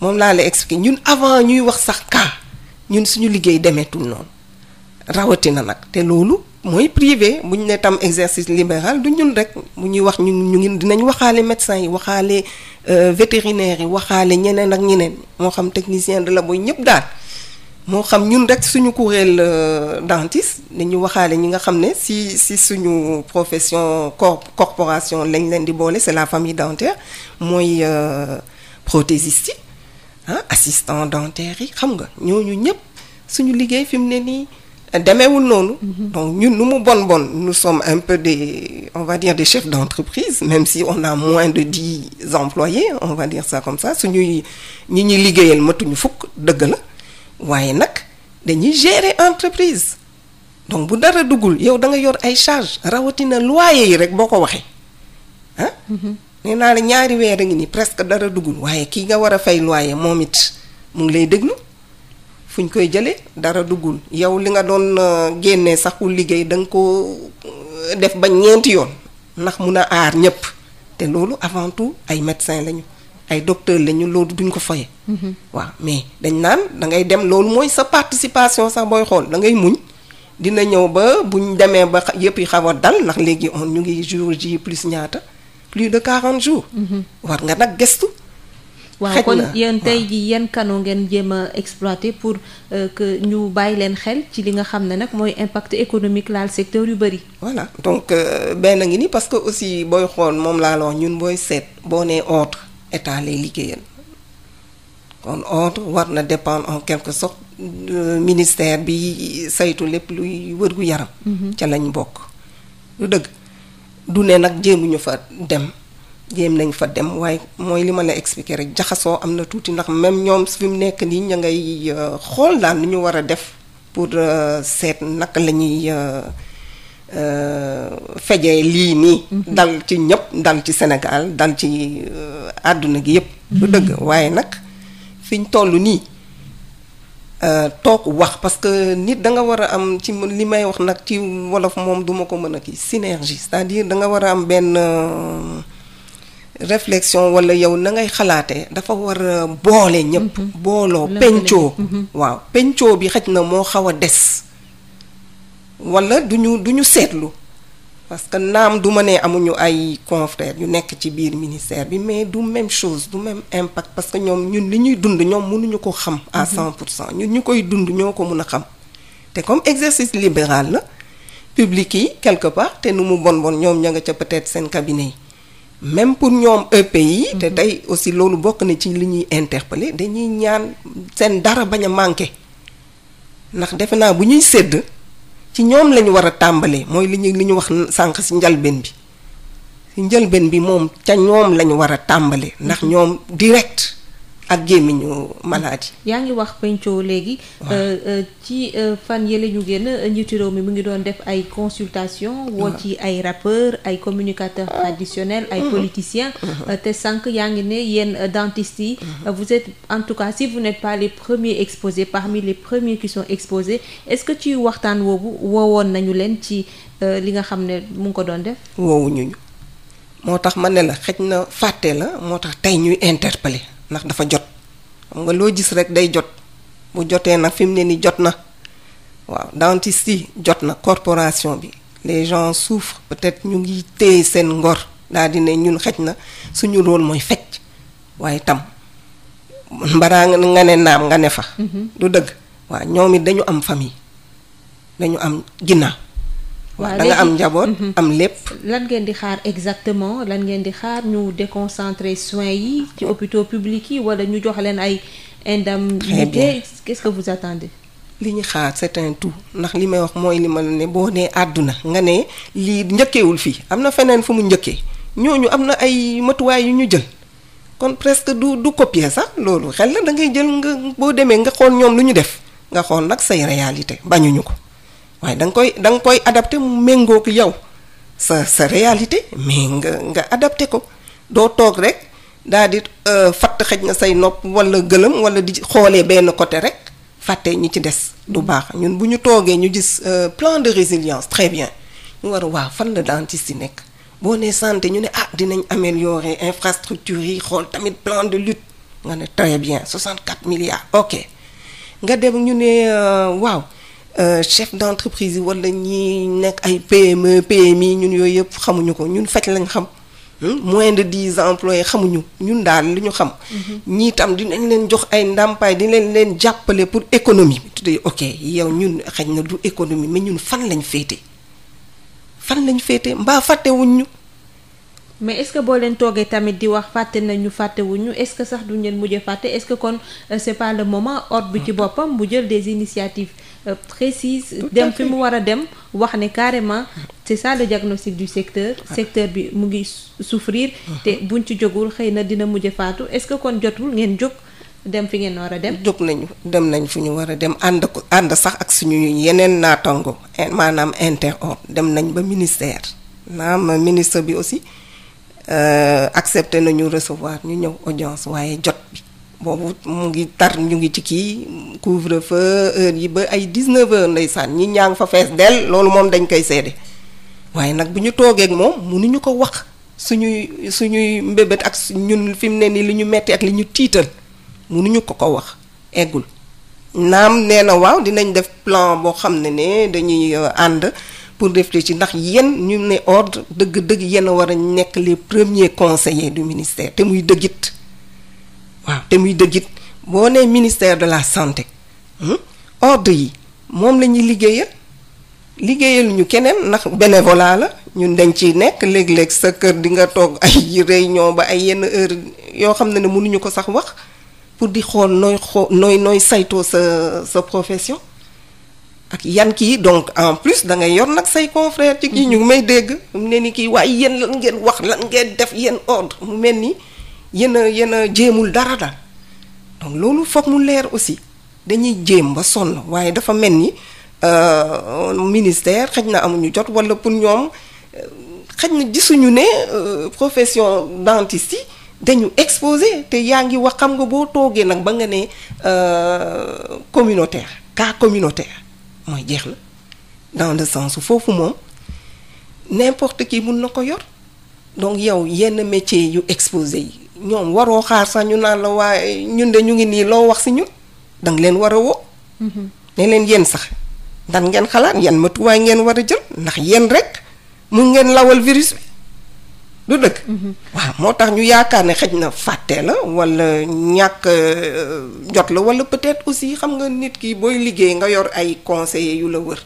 moom laa la expliqué ñun avant ñuy wax sax cas ñun suñu liggéey demeetul noonu na nag te loolu mooy privé bu ñu ne tam exercice libéral du ñun rek bu ñuy wax ñu ñu ngi dinañ waxaale médecin yi waxaale euh, vétérinaire yi waxaale ñeneen ak ñeneen moo xam technicien de la labo ñëpp daal moo xam ñun rek suñu kuréel euh, dentiste dañu waxaale ñi nga xam ne si si suñu profession corporation lañ leen di boole c'est la famille dentaire mooy euh, prothésistique ah assistant dentaire yi xam nga ñooñu ñëpp suñu liggéey fi mu ne nii euh, demeewul noonu. Mhm. donc ñun nu mu bon bon nous sommes un peu des on va dire des chefs d'entreprise même si on a moins de dix employés on va dire ça comme ça suñuy ñi ñuy liggéeyal matuñu fukk dëgg la waaye nag dañuy gérer entreprise donc bu dara duggul yow da nga yor ay charges rawatina loyer yi rek boo ko waxee nee naa la ñaari weer a ngi nii presque dara duggul waaye kii nga war a fay waaye moom it mu ngi lay déglu fu ñu koy jëlee dara duggul yow li nga doon euh, génnee saxul liggéey da nga ko euh, def ba ñeenti yoon ndax mun a aar ñëpp te loolu avant tout ay médecin lañu ay docteur lañu loolu duñ ko faye mm-hmm. waaw mais dañ naan da ngay dem loolu mooy sa participation sax booy xool da ngay muñ dina ñëw ba buñ demee ba yëpp yi xaw dal ndax léegi on ñu ngi jour ji plus ñaata. plus de 40 jours. Mhm. war nga nag gestu waaw kon yéen tey ji yan canaux ngeen jéem a exploiter pour euh, que ñu bàyyi leen xel ci li nga xam ne nag mooy impact économique laal secteur yu bëri. voilà donc euh, benn ngi ni parce que aussi booy xool moom laa la wax ñun booy seet boo nee ordre état lay liggéeyal kon ordre war na dépendre en quelque sorte euh, ministère bi saytu lépp luy wërgu yaram. Mhm. ca lañ bokk lu dëgg. du ne nag ñu fa dem jéem nañ fa dem waaye mooy li ma la expliqué rek jaxasoo am na tuuti ndax même ñoom fi mu nekk nii ñu ngay euh, xool daan nu ñu war a def pour euh, seet naka la ñuy euh, fejee lii nii. Mhm. dal ci ñëpp dal ci Sénégal dal ci àdduna gi yëpp. du mhm. dëgg waaye nag fiñ toll nii. Euh, toog wax parce que nit da nga war a am ci li may wax nag ci wolof moom duma ko mën a ki synergie cest à da nga war a am benn euh, reflexion wala yow na ngay xalaatee dafa war a boole ñëpp mm-hmm. booloo pencoo mm-hmm. waaw pencoo bi xaj na moo xaw a des wala du ñu du seetlu parce que naam du ma ne amuñu ay confrères yu nekk ci biir ministère bi mais du même chose du même impact parce que ñoom ñun li ñuy dund ñoom mënuñu ko xam à mhm. cent pour cent ñun ñu koy dund ñoo ko mën a xam te comme exercice libéral la publique yi quelque part te nu mu bon bon ñoom ña nga ca peut-être seen cabinet yi même pour ñoom EPI te mhm. tey aussi loolu bokk na ci li ñuy interpeller dañuy ñaan seen dara bañ a manqué ndax defe naa bu ñuy sédd ci ñoom lañu war a tàmbalee mooy li ñu li ñu wax sànq si njalbeen bi si njalbeen bi moom ca ñoom lañu war a tàmbalee ndax ñoom direct ak gémmiñu malade yi. yaa ngi wax penco léegi. Euh, euh, ci euh, fan yële ñu génn njiitu réew mi mu ngi doon def ay consultation woo ci ay rappeurs ay communicateurs traditionnels ay mm-hmm. politiciens. Mm-hmm. te sànq yaa ngi ne yéen dentistes yi. Mm-hmm. vous êtes en tout cas si vous n'êtes pas les premiers exposés parmi les premiers qui sont exposés est-ce que ci waxtaan woowu woowoon nañu leen ci li nga xam ne mu ngi ko doon def. woowu ñu moo tax ma ne la xëj na fàtte la moo tax tey ñuy interpeller. ndax dafa jot xam nga loo gis rek day jot bu jotee nag fi mu ne ni jot na waaw dentiste jot na corporation bi les gens souffrent peut ñu ngi téye seen ngor daal di ne ñun xej na suñu rôle mooy fecc waaye tam baraa nga ne naam nga ne fa mm-hmm. du dëgg waa ñoom it dañu am famille dañu am ginnaaw waaw da nga am njaboot mhm. am lépp. lan ngeen di xaar exactement lan ngeen di xaar ñu déconcentré soins yi ci hôpitaux publics yi wala ñu jox leen ay indemnité qu'est-ce que vous attendez. li ñu xaar c'est tout ndax li may wax mooy li ma la ne boo nee àdduna nga ne lii njëkkeewul fii am na feneen fu mu njëkkee ñooñu am na ay matuwaay yu ñu jël. kon presque du du copier sax loolu xel la da ngay jël nga boo demee nga xool ñoom lu ñu def nga xool nag say réalité bañuñu ko. waaye danga koy da nga koy adapté mu méngoog yow sa sa réalité mais nga nga adapté ko doo toog rek daal di euh, fatt xëj na say nopp wala gëlëm wala di xoolee benn côté rek fàtte ñi ci des du baax ñun bu ñu toogee ñu gis euh, plan de résilience très bien ñu war a waaw fan la dentiste yi nekk boo nee santé ñu ne ah dinañ améliorer infrastructure yi xool tamit plan de lutte nga ne très bien 64 milliards ok nga dem ñu ne euh, waaw Euh, chef d'entreprise yi wala ñii nekk ay PME PMI ñun yooyu yëpp xamuñu ko ñun faj lañ xam hmm? moins de dix employés xamuñu ñun daal li ñu xam mm-hmm. ñii tam dinañ leen jox ay ndàmpaay dinañ leen jàppale pour économie bi tuddee ok yow ñun xaj na du économie mais ñun fan lañ féete fan lañ féete mbaa fàttewuñ ñu mais est-ce que boo leen toogee tamit di wax fàtte nañu fàttewuñu est-ce que sax du leen mujj fàtte est-ce que kon euh, c'est pas moment ordre bi ci mm. boppam bu jël des initiatives euh, précises dem fi mu war a dem wax ne carrément c'est ça le diagnostic du secteur ah. secteur bi mu ngi souffrir ah. te buñ ci jógul xëy na dina mujj faatu est-ce que kon jotul ngeen jóg dem fi ngeen war a dem jóg nañu dem nañ fu ñu war a dem ànd ko ànd sax ak suñu yeneen naatango maanaam inter-ordre dem nañ ba ministère ministre bi aussi Euh, accepté nañu recevoir ñu ñëw audience waaye jot bi boobu mu ngi tar ñu ngi ci kii couvre fa heure yi ba ay 19 heures ndeysaan ñi ñaa fa fees del loolu moom dañ koy seede waaye nag bu ñu toogee ak moom mënuñu ko wax suñuy suñuy mbébét ak ñun fi mu ne nii li ñu metti ak li ñu tiital mënuñu ko ko wax eggul naam nee na waaw dinañ def plan boo xam ne ne dañuy euh, ànd pour réfléchir ndax yéen ñu ne ordre dëgg-dëgg yenn war a nekk les premiers conseiller du ministère te muy dëggit waaw te muy dëggit boo nee ministère de la santé ordre yi moom la ñuy liggéeyal liggéeyal ñu keneen ndax bénévolat la ñun dañ ciy nekk léeg-léeg sa kër dinga nga toog ay ñoo ba ay yenn heure yoo xam ne ne mënuñu ko sax wax pour di xool nooy xoo nooy nooy saytoo sa sa profession ak yan kii donc en plus da ngay yor nag say confrère ci kii ñu ngi may dégg mu ne ni kii waaye yéen lan ngeen wax lan ngeen def yéen ordre mu mel ni yéen a yéen a jéemul dara daal donc loolu foog mu leer aussi dañuy jéem ba sonn waaye dafa mel ni euh, ministère xëj na amuñu jot wala pour ñoom euh, xëj na gisuñu ne euh, profession dentiste yi dañu exposé te yaa ngi wax xam nga boo toogee nag ba nga ne communautaire cas communautaire mooy jeex la dans le sens foofu moom n'importe kii mun na ko yor donc yow yenn métier yu exposé yi ñoom waroo xaar sax ñu naan la waaye ñun de ñu ngi nii loo wax si ñun danga leen war a woo mm-hmm. ne leen yéen sax dan ngeen xalaat yan matuwaay ngeen war a jël ndax yéen rek mun ngeen lawal virus bi du dëkk. waaw moo tax ñu yaakaar ne xëj na fàtte la wala ñàkk euh, jot la wala peut-être aussi xam nga nit ki booy liggéey nga yor ay conseillers yu la wër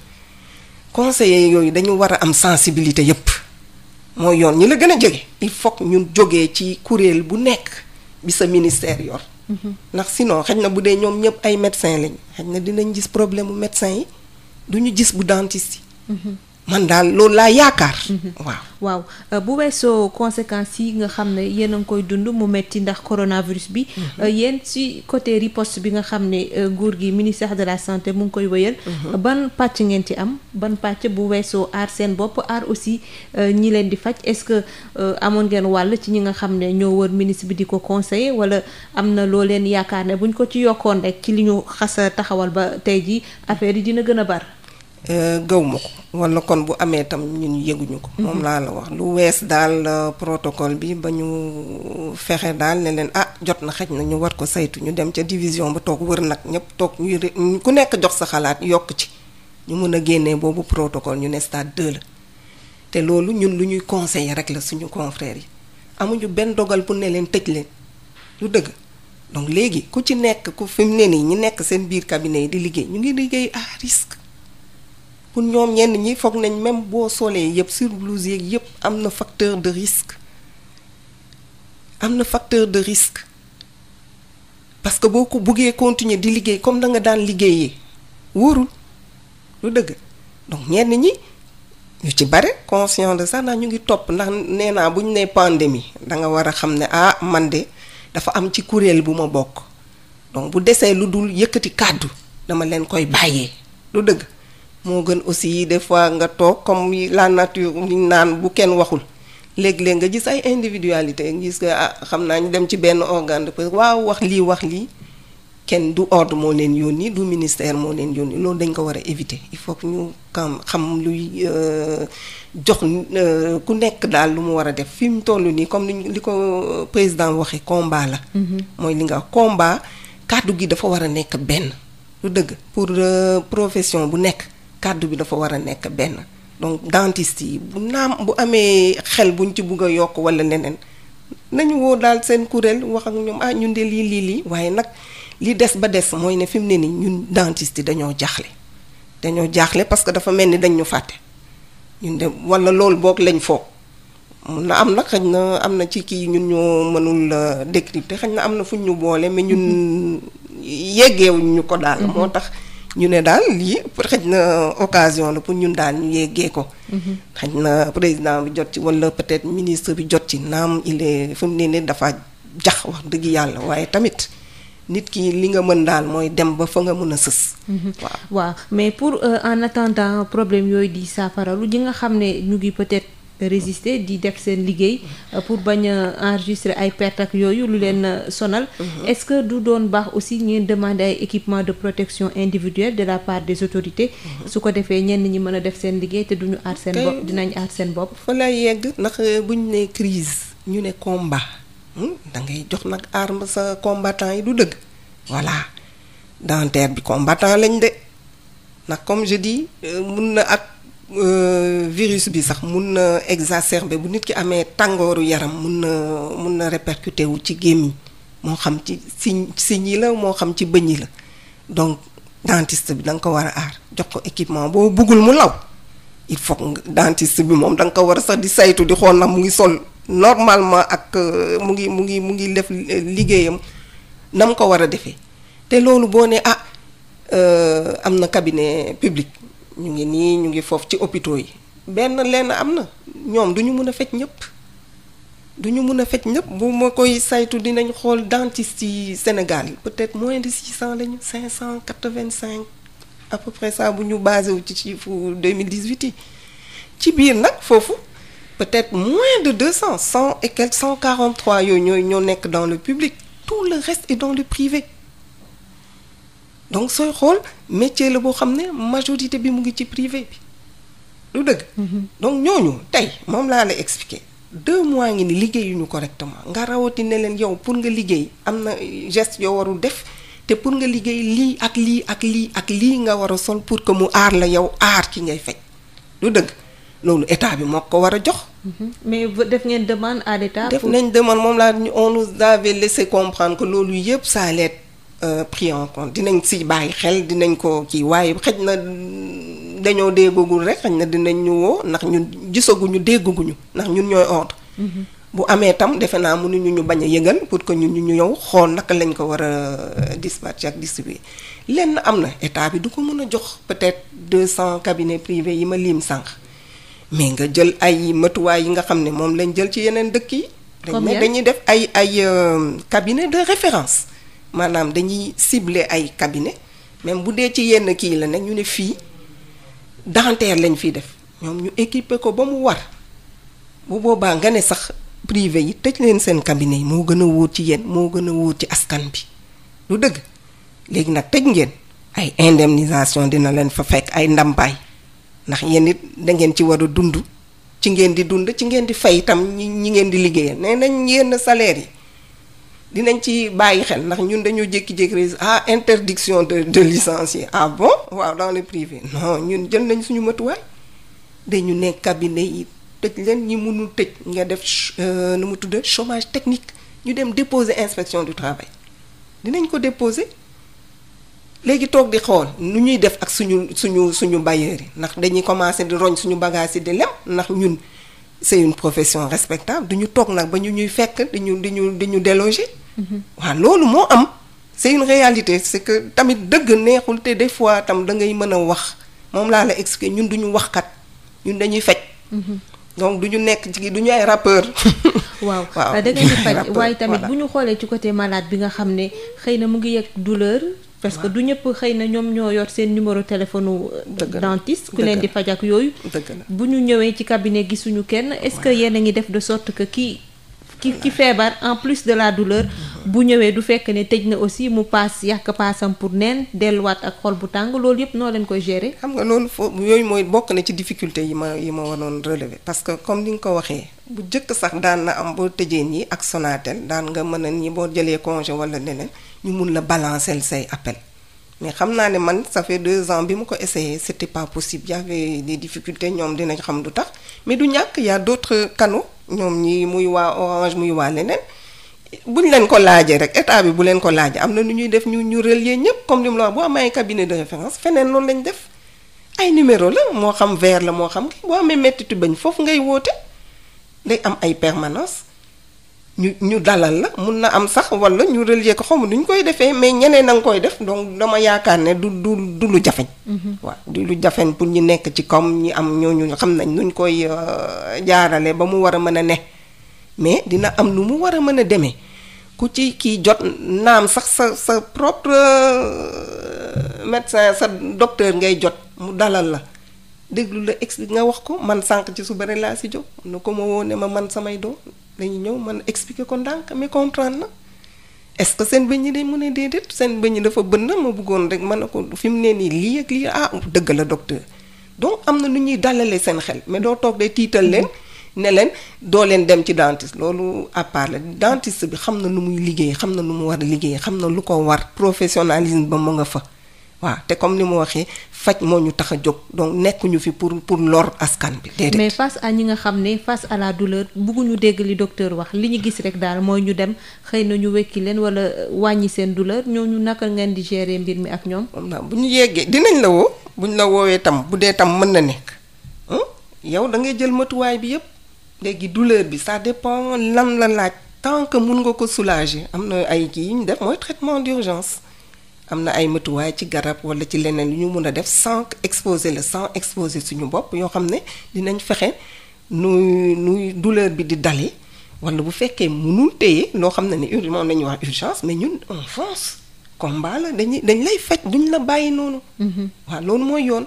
conseillers yooyu dañu war a am sensibilité yépp mooy yoon ñi la gën a jege. il faut que ñun jógee ci kuréel bu nekk bi sa ministère yor. ndax sinon xëj na bu dee ñoom ñëpp ay médecins lañ xëj na dinañ gis problème mu médecins yi duñu gis bu dentiste yi. man daal loolu laa yaakaar. Mhm. waaw waaw euh, bu weesoo conséquences yi nga xam ne yéen a ngi koy dund mu metti ndax coronavirus bi. Mhm. Euh, yéen ci côté riposte bi nga xam ne euh, nguur gi ministère de la santé mu ngi koy wéyal. Mhm. ban pàcc ngeen ci am ban pàcc bu weesoo aar seen bopp aar aussi ñi leen di faj est-ce que amoon ngeen wàll ci ñi nga xam ne ñoo wër ministre bi di ko conseiller walla am na loo leen yaakaar ne buñ ko ci yokkoon rek ci li ñu xas a taxawal ba tey ji affaire yi dina gën a bar. Euh, gaw ma ko wala kon bu amee tam ñun yëguñu ko. Mhm. moom laa la wax lu wees daal euh, protocole bi ba ñu fexe daal ne leen ah jot na xëj na ñu war ko saytu ñu dem ca division ba toog wër nag ñëpp toog ñuy ku nekk jox sa xalaat yokk ci ñu mun a génnee boobu protocole ñu ne stade 2 la te loolu ñun lu ñuy conseiller rek la suñu confrères yi amuñu benn dogal bu ne leen tëj leen lu dëgg. donc léegi ku ci nekk ku fi mu ne nii ñi nekk seen biir cabinet yi di liggéey ñu ngi liggéey à risque. pour ñoom ñenn ñi foog nañ même boo solee yëpp sur blouse yeeg yëpp am na facteur de risque am na facteur de risque parce que boo ko buggee continuer di liggéey comme da daan liggéeyee wóorul lu dëgg donc ñenn ñi ñu ci bare conscient de ça ndax ñu ngi topp ndax nee naa bu ñu nee pandémie da nga war a xam ne ah man de dafa am ci kuréel bu ma bokk donc bu desee lu dul yëkkati kàddu dama leen koy bàyyee lu dëgg. moo gën aussi des fois nga toog comme la nature ñu naan bu kenn waxul léeg-léeg nga gis ay individualité gis nga ah, xam naa ñu dem ci benn organe de presse waaw wax lii wax lii kenn du ordre moo leen nii du ministère moo leen yónni loolu dañ ko war a éviter il faut que ñu kam xam luy euh, jox euh, ku nekk daal lu mu war a def fi mu toll nii comme ni li ko président waxee combat la. Mhm. mooy li nga combat kàddu gi dafa war a nekk benn. lu dëgg pour euh, profession bu nekk. kàddu bi dafa war a nekk benn donc dentiste yi bu naam bu amee xel buñ ci bugg a yokk wala leneen nañu woo daal seen kuréel wax ak ñoom ah ñun de lii lii lii waaye nag li des ba des mooy ne fi mu ne nii ñun dentiste yi dañoo jaaxle dañoo jaaxle parce que dafa mel ni dañ fàtte ñun de wala loolu boog lañ foog mun na am nag xëy na am na ci kii ñun ñoo mënul euh, décrypter xëy na am na fuñ ñu boole mais ñun mm-hmm. yeggeewuñ ñu ko daal mm-hmm. moo tax. ñu ne daal lii xëj na occasion la pour ñun daal ñu yeggee ko. Mhm. xëj na président bi jot ci walla peut-être ministre bi jot ci naam il est fi mu ne dafa jax wax dëgg yàlla waaye tamit. nit ki li nga mën daal mooy dem ba fa nga mën a sës. Mhm. waaw waaw mais pour euh, en attendant problème yooyu di saafaralu ji nga xam ne ñu ngi peut résister di def seen liggéey euh, pour bañ a ay perte yooyu lu leen euh, sonal. Mhm. est-ce que du doon baax aussi ngeen demander ay équipement de protection individuelle de la part des autorités. Mhm. su ko defee ñenn ñi mën a def seen liggéey te duñu aar seen bopp dinañ aar seen bopp. fa lay yegg ndax euh, buñ ne crise ñu ne combat hmm? da ngay jox nag arme sa combattant yi du dëgg voilà dans terre bi combattant lañ de ndax comme je mun na ak. Euh, virus bi sax mun na exacerber bu nit ki amee tàngooru yaram mun na mun na répercuter wu ci gémmiñ moo xam ci siñ siñ yi la moo xam ci bëñ yi la donc dentiste bi da nga ko war a aar jox ko équipement boo buggul mu law il faut que bi moom da nga ko war a sax di saytu di xool na mu ngi sol normalement ak euh, mu ngi mu ngi mu ngi def euh, liggéeyam na mu ko war a defee te loolu boo ne ah am na cabinet publique ñu ngi nii ñu ngi foofu ci hôpitaux yi benn lenn am na ñoom du ñu mën a faj ñëpp du ñu a faj ñëpp bu ma koy saytu dinañ xool dentiste yi Sénégal peut-être moins de six cent lañu cinq cent quatre-vingt-cinq à peu près bu ñu basé wu ci chiffre 2018 yi ci biir nag foofu peut-être moins de deux cent cent et quelques cent quarante-trois yooyu ñooy ñoo nekk dans le public tout le reste est dans le privé donc sooy xool métier la boo xam ne majorité bi mu ngi ci privé bi lu dëgg mhm. donc ñooñu tey moom laa la expliqué deux mois ngi ni liggéeyuñu correctement nga rawati ne leen yow pour nga liggéey am na geste yow warul def te pour nga liggéey lii ak lii ak lii ak lii nga war a sol pour que mu aar la yow aar ki ngay faj du dëgg loolu état bi moo ko war a jox. Mhm. mais def ngeen demande à l'état. def nañ demande moom laa on nous avait laissé comprendre que loolu yëpp ça allait Euh, pris en compte dinañ si bàyyi xel dinañ ko kii waaye xëj na dañoo déggagul rek xëj na dinañ ñu woo ndax ñu gisaguñu déggaguñu ndax ñun ñooy ordre. Mm-hmm. bu amee tam defe naa mënuñu ñu bañ a yëgal pour que ñun ñu ñu ñëw xool naka lañ ko war a euh, dispatcher ak distribuer lenn am na état bi du ko mën a jox peut-être deux cent cabinets privés yi ma liim sànq mais nga jël ay matuwaay yi nga xam ne moom lañ jël ci yeneen dëkk yi. dañuy def ay ay euh, cabinet de référence. maanaam dañuy cibler ay cabinet même bu dee ci yenn kii la nag ñu ne fii dentaire lañ fiy def ñoom ñu équiper ko ba mu war bu boobaa nga ne sax privé yi tëj leen seen cabinet yi moo gën a wóor ci yéen moo gën a wóor ci askan bi lu dëgg léegi nag tëj ngeen ay indemnisation dina leen fa fekk ay ndàmpaay ndax yéen it da ngeen ci war a dund ci ngeen di dund ci ngeen di fay itam ñi ñi ngeen di liggéeyal nee nañ yenn saleer yi dinañ ci bàyyi xel ndax ñun dañoo jékki-jékki rek ah interdiction de de licencier ah bon waaw dans le privé non ñun jël nañ suñu matuwaay dañu nekk cabinet yi tëj leen ñi mënul tëj nga def euh, nu mu tudd chômage technique ñu dem déposer inspection du travail dinañ ko déposer léegi toog di xool nu ñuy def ak suñu suñu suñu bailleurs yi ndax dañuy commencer di roñ suñu bagages yi di lem ndax ñun c'est une profession respectable duñu toog nag ba ñu ñuy fekk di ñu di ñu di ñu déloger Mm-hmm. waaw loolu moo am c'est une réalité c'est que tamit dëgg neexul te des fois tam da ngay mën a wax moom laa la expliquer ñun duñu waxkat ñun dañuy faj. Mm-hmm. donc du ñu nekk jigéen du ñu ay rappeur. *laughs* waaw *laughs* ah, da ngeen di faj waaye ñu xoolee ci côté malade bi nga xam ne xëy na mu ngi yëg douleur. parce que du ñëpp xëy na ñoom ñoo yor seen numéro téléphone euh, dentiste ku leen di faj ak yooyu. bu ñu ñëwee ci cabinet gisuñu kenn est-ce que yéen a ngi def de sorte que kii. ki ki feebar en plus de la douleur bu ñëwee du fekk ne tëj na aussi mu paas yàq paasam pour neen delluwaat ak xol bu tàng loolu yëpp noo leen koy gérer. xam nga loolu foofu yooyu mooy bokk na ci difficulté yi ma yi ma waroon relever parce que comme ni nga ko waxee bu jëkk sax daan na am boo tëjee nii ak Sonatel daan nga mën a ñi boo jëlee congé wala leneen ñu mun la balancer say appel mais xam naa ne man sa fe deux ans bi mu ko essayé c'était pas possible y avait des ñoom dinañ xam du tax mais du ñàkk y a d'autres ñoom ñii muy waa orange muy waa leneen buñ leen ko laajee rek état bi bu leen ko laajee am na nu ñuy def ñu ñu relier ñëpp comme ni mu la wax boo amee ay cabinet de référence feneen noonu lañ def ay numéro la moo xam vert la moo xam boo amee méttitu bañ foofu ngay woote day am ay permanence ñu ñu dalal la mun na am sax wala ñu relier ko xaw ma duñ koy defee mais ñeneen a nga koy def donc dama yaakaar ne du du du lu jafeñ. Mm-hmm. waaw du lu jafeñ pour ñu nekk ci comme ñi am ñooñu xam nañ nuñ koy euh, jaarale ba mu war a mën a ne mais dina am lu mu war a mën a demee ku ci kii jot naam sax sa sa propre euh, médecin sa docteur ngay jot mu dalal la. déglu la ex nga wax ko man sànq ci su rek laa si jóg na ko ma woone ma man samay doom dañuy ñëw mën expliquer ko ndànk mais comprendre na est-ce que seen bëñ yi day mu ne déedéet seen bëñ yi dafa bënn ma bëggoon rek mën na ko fi mu ne nii lii ak lii ah dëgg la docteur donc am na lu ñuy dalale seen xel mais doo toog day tiital leen mm-hmm. ne leen doo leen dem ci dentiste loolu à part la dentiste bi xam na nu muy liggéey xam na nu mu war a liggéey xam na lu ko war professionnalisme ba mu nga fa waaw te comme ni mu waxee faj moo ñu tax a jóg donc nekkuñu fi pour pour lor askan bi. déedéet mais face à ñi nga xam ne face à la douleur bëgguñu dégg li docteur wax li ñu gis rek daal mooy ñu dem xëy na ñu wekki leen wala euh, wàññi seen douleur ñu naka ngeen di gérer mbir mi ak ñoom. xam naa bu ñu yeggee dinañ la woo bu ñu la woowee tam bu dee tam mën na nekk yow da ngay jël matuwaay bi yëpp léegi douleur bi ça dépend lan la laaj tant que mun nga ko soulager am na ay kii yu ñu def mooy traitement d'urgence. am na ay matuwaay ci garab wala ci leneen lu ñu mun a def sans exposé la sans exposé suñu bopp yoo xam ne dinañ fexe nu nuy douleur bi di dale wala bu fekkee mënul téye loo xam ne ne ur moom nañuy wax urgence mais ñun on fonce combat la dañuy dañ lay faj duñ la bàyyi noonu mm-hmm. waaw loolu mooy yoon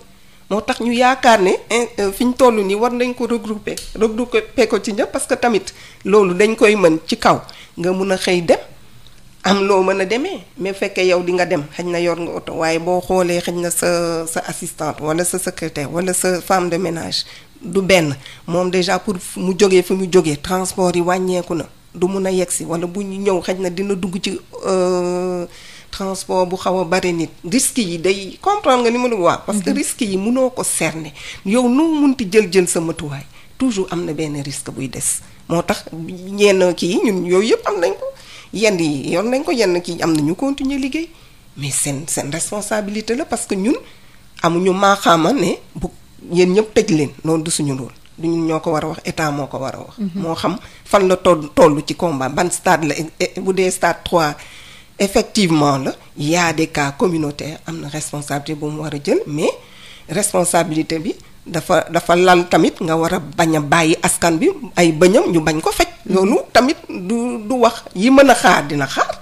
moo tax ñu yaakaar ne eh, eh, fi ñu toll nii war nañ ko regrouper regrouper ko ci ñëpp parce que tamit loolu dañ koy mën ci kaw nga mun a xëy dem am loo mën a demee mais fekkee yow di nga dem xëj na yor nga oto waaye boo xoolee xëj na sa sa assistante wala sa secretaire wala sa femme de ménage du benn moom déjà pour mu jógee fi mu jógee transport yi wàññeeku na du mun a yegsi wala bu ñu ñëw xëj na dina dugg ci euh, transport bu xaw a bare nit risque yi day comprendre nga ni ma la wax parce que mhm. risque yi munoo ko cerner yow nu munti jël-jël sa matuwaay toujours am na benn risque buy des moo tax ñenn kii ñun yooyu yëpp am nañ yenn yi yoon nañ ko yenn kii am na ñu continuer liggéey mais seen seen responsabilité la parce que ñun amuñu maaxaama ne bu yéen ñëpp tëj leen loolu du suñu rôle du ñun ñoo ko war a wax état moo ko war a wax. Mhm. moo xam fan la toll toll ci combat ban stade la e, e, bu dee stade trois effectivement la y a des cas am na responsabilité bu mu war a jël mais responsabilité bi. dafa dafa lan tamit nga war a bañ a bàyyi askan bi ay bëñam ñu bañ ko faj loolu tamit du du wax yi mën a xaar dina xaar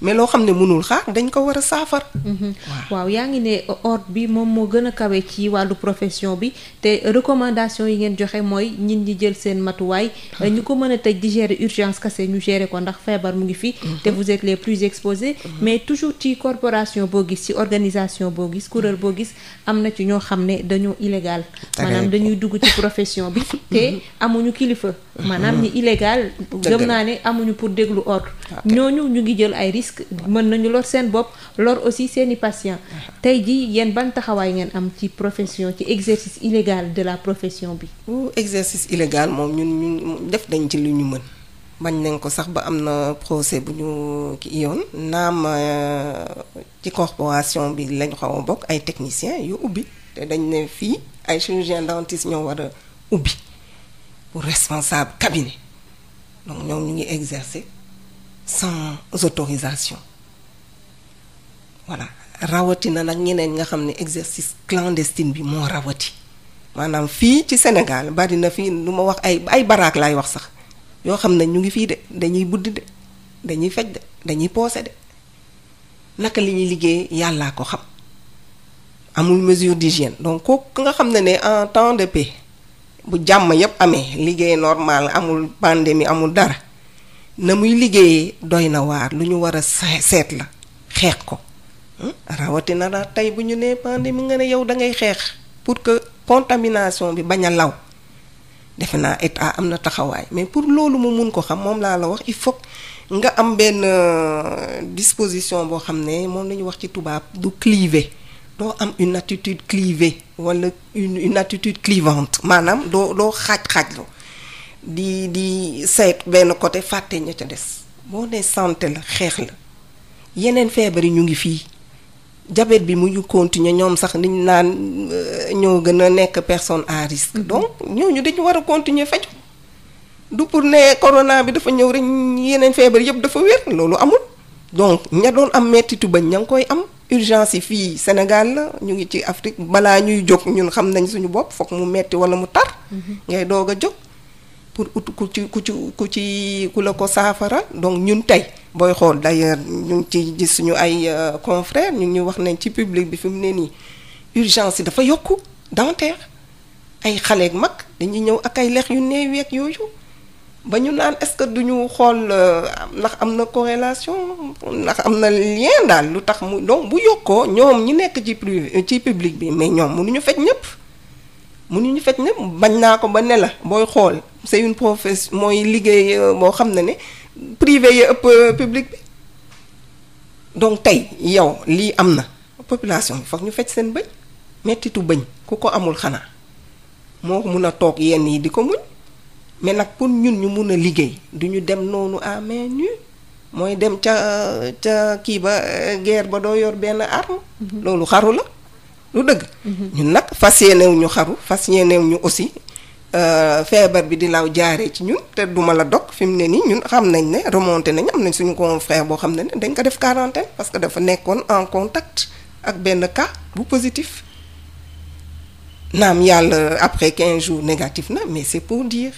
mais loo xam ne mënul xaar dañ ko war a saafar. Mhm. waaw yaa ngi ne ordre bi moom moo gën a kawe ci wàllu profession bi te recommandation yi ngeen joxe mooy ñit ñi jël seen matuwaay. Ah. ñu ko mën a tëj di gérer urgence kase ñu gérer ko ndax feebar mu ngi fi. Mhm. te vous êtes les plus exposé mhm. mais toujours ci corporation boo gis ci organisation boo gis kuréel boo gis am na ci ñoo xam ne dañoo illégal. maanaam dañuy dugg ci profession bi. *laughs* te amuñu kilifa. maanaam ñi illégal gëm naa ne amuñu pour déglu ordre ah, ñooñu ñu ngi jël ay risque mën nañu lor seen bopp lor aussi seen i patient ah. tey ji yéen ban taxawaay ngeen am ci profession ci exercice illégal de la profession bi exercice illégal moom ñun ñu def dañ ci lu ñu mën bañ nañ ko sax ba am na procès bu ñu ki yoon naam euh, ci corporation bi lañ xaw a bokk ay techniciens yu ubbi te dañ ne fii ay chirurgien dentiste ñoo war a ubbi ou responsable cabinet donc ñoom ñu ngi exercer sans autorisation voilà rawatina nag ñeneen nga xam ne exercice clandestin bi moo rawati maanaam fii ci Sénégal bari na fii lu ma wax ay ay baraak laay wax sax yoo xam ne ñu ngi fii de dañuy buddi de dañuy faj de dañuy poose de naka li ñuy liggéey yàllaa ko xam amul mesure d'hygiène donc kooku nga xam ne ne en temps de paix bu jàmm yépp amee liggéey normal amul pandémie amul dara na muy liggéeyee doy na waar lu ñu war a seet la xeex ko hmm? rawatina na tey bu ñu nee pandémie nga ne yow da ngay xeex pour que contamination bi bañ a law defe naa état am na taxawaay mais pour loolu mu mun ko xam moom laa la wax il faut nga am benn euh, disposition boo xam ne moom la wax ci tubaab du clivé doo am une attitude clivée wala une une attitude clivante maanaam doo doo xaaj-xaajlu di di seet benn côté fàtte ña ca des boo dee santé la xeex la yeneen feebar yi ñu ngi fii jabet bi mu ñu continuer ñoom sax niñ naan euh, ñoo gën a nekk personne à risque mm-hmm. donc ñooñu dañu war a continuer faju du pour ne corona bi dafa ñëw rek yeneen feebar yëpp dafa wér loolu amul donc ña doon am mettitu bañ ña ngi koy am urgence yi fii Sénégal la ñu ngi ci Afrique balaa ñuy jóg ñun xam nañ suñu bopp foog mu metti walla mu tar mhm. ngay doog a jóg pour ut ku ci ku ci ku ci ku la ko saafara donc ñun tey booy xool d'ailleurs ñu ngi ci gis suñu ay euh, confrères ñu ngi wax nañ ci public bi fi mu ne nii urgence yi dafa yokk dentaire ay xale ak mag dañuy ñëw ak ay lex yu néew yeeg yooyu ba ñu naan est-ce que duñu xool euh, ndax am na corrélation ndax am na lien daal lu tax mu donc bu yokkoo ñoom ñi nekk ci privé ci public bi mais ñoom mënuñu faj ñëpp mënuñu faj ñëpp bañ naa ko ba ne la booy xool c'est une profession mooy liggéey euh, boo xam ne ne privé yi ëpp euh, public bi donc tey yow lii am na population bi foog ñu faj seen bëñ mettitu bëñ ku ko amul xanaa moo mun a toog yenn yi di ko muñ mais nag pour ñun ñu mun a liggéey du ñu dem noonu à main nue mooy dem ca ca kii ba guerre ba doo yor benn arme. Mhm. loolu xaru la lu dëgg. Mhm. ñun nag fas yéenew ñu xaru fas yéenew ñu aussi euh, feebar bi di laaw jaaree ci ñun te duma la dog fi mu ne nii ñun xam nañ ne remonté nañ am nañ suñu confrère boo xam ne ne dañ ko def quarantaine parce que dafa nekkoon en contact ak benn cas bu positif naam yàlla après 15 jours négatif na mais c'est pour dire.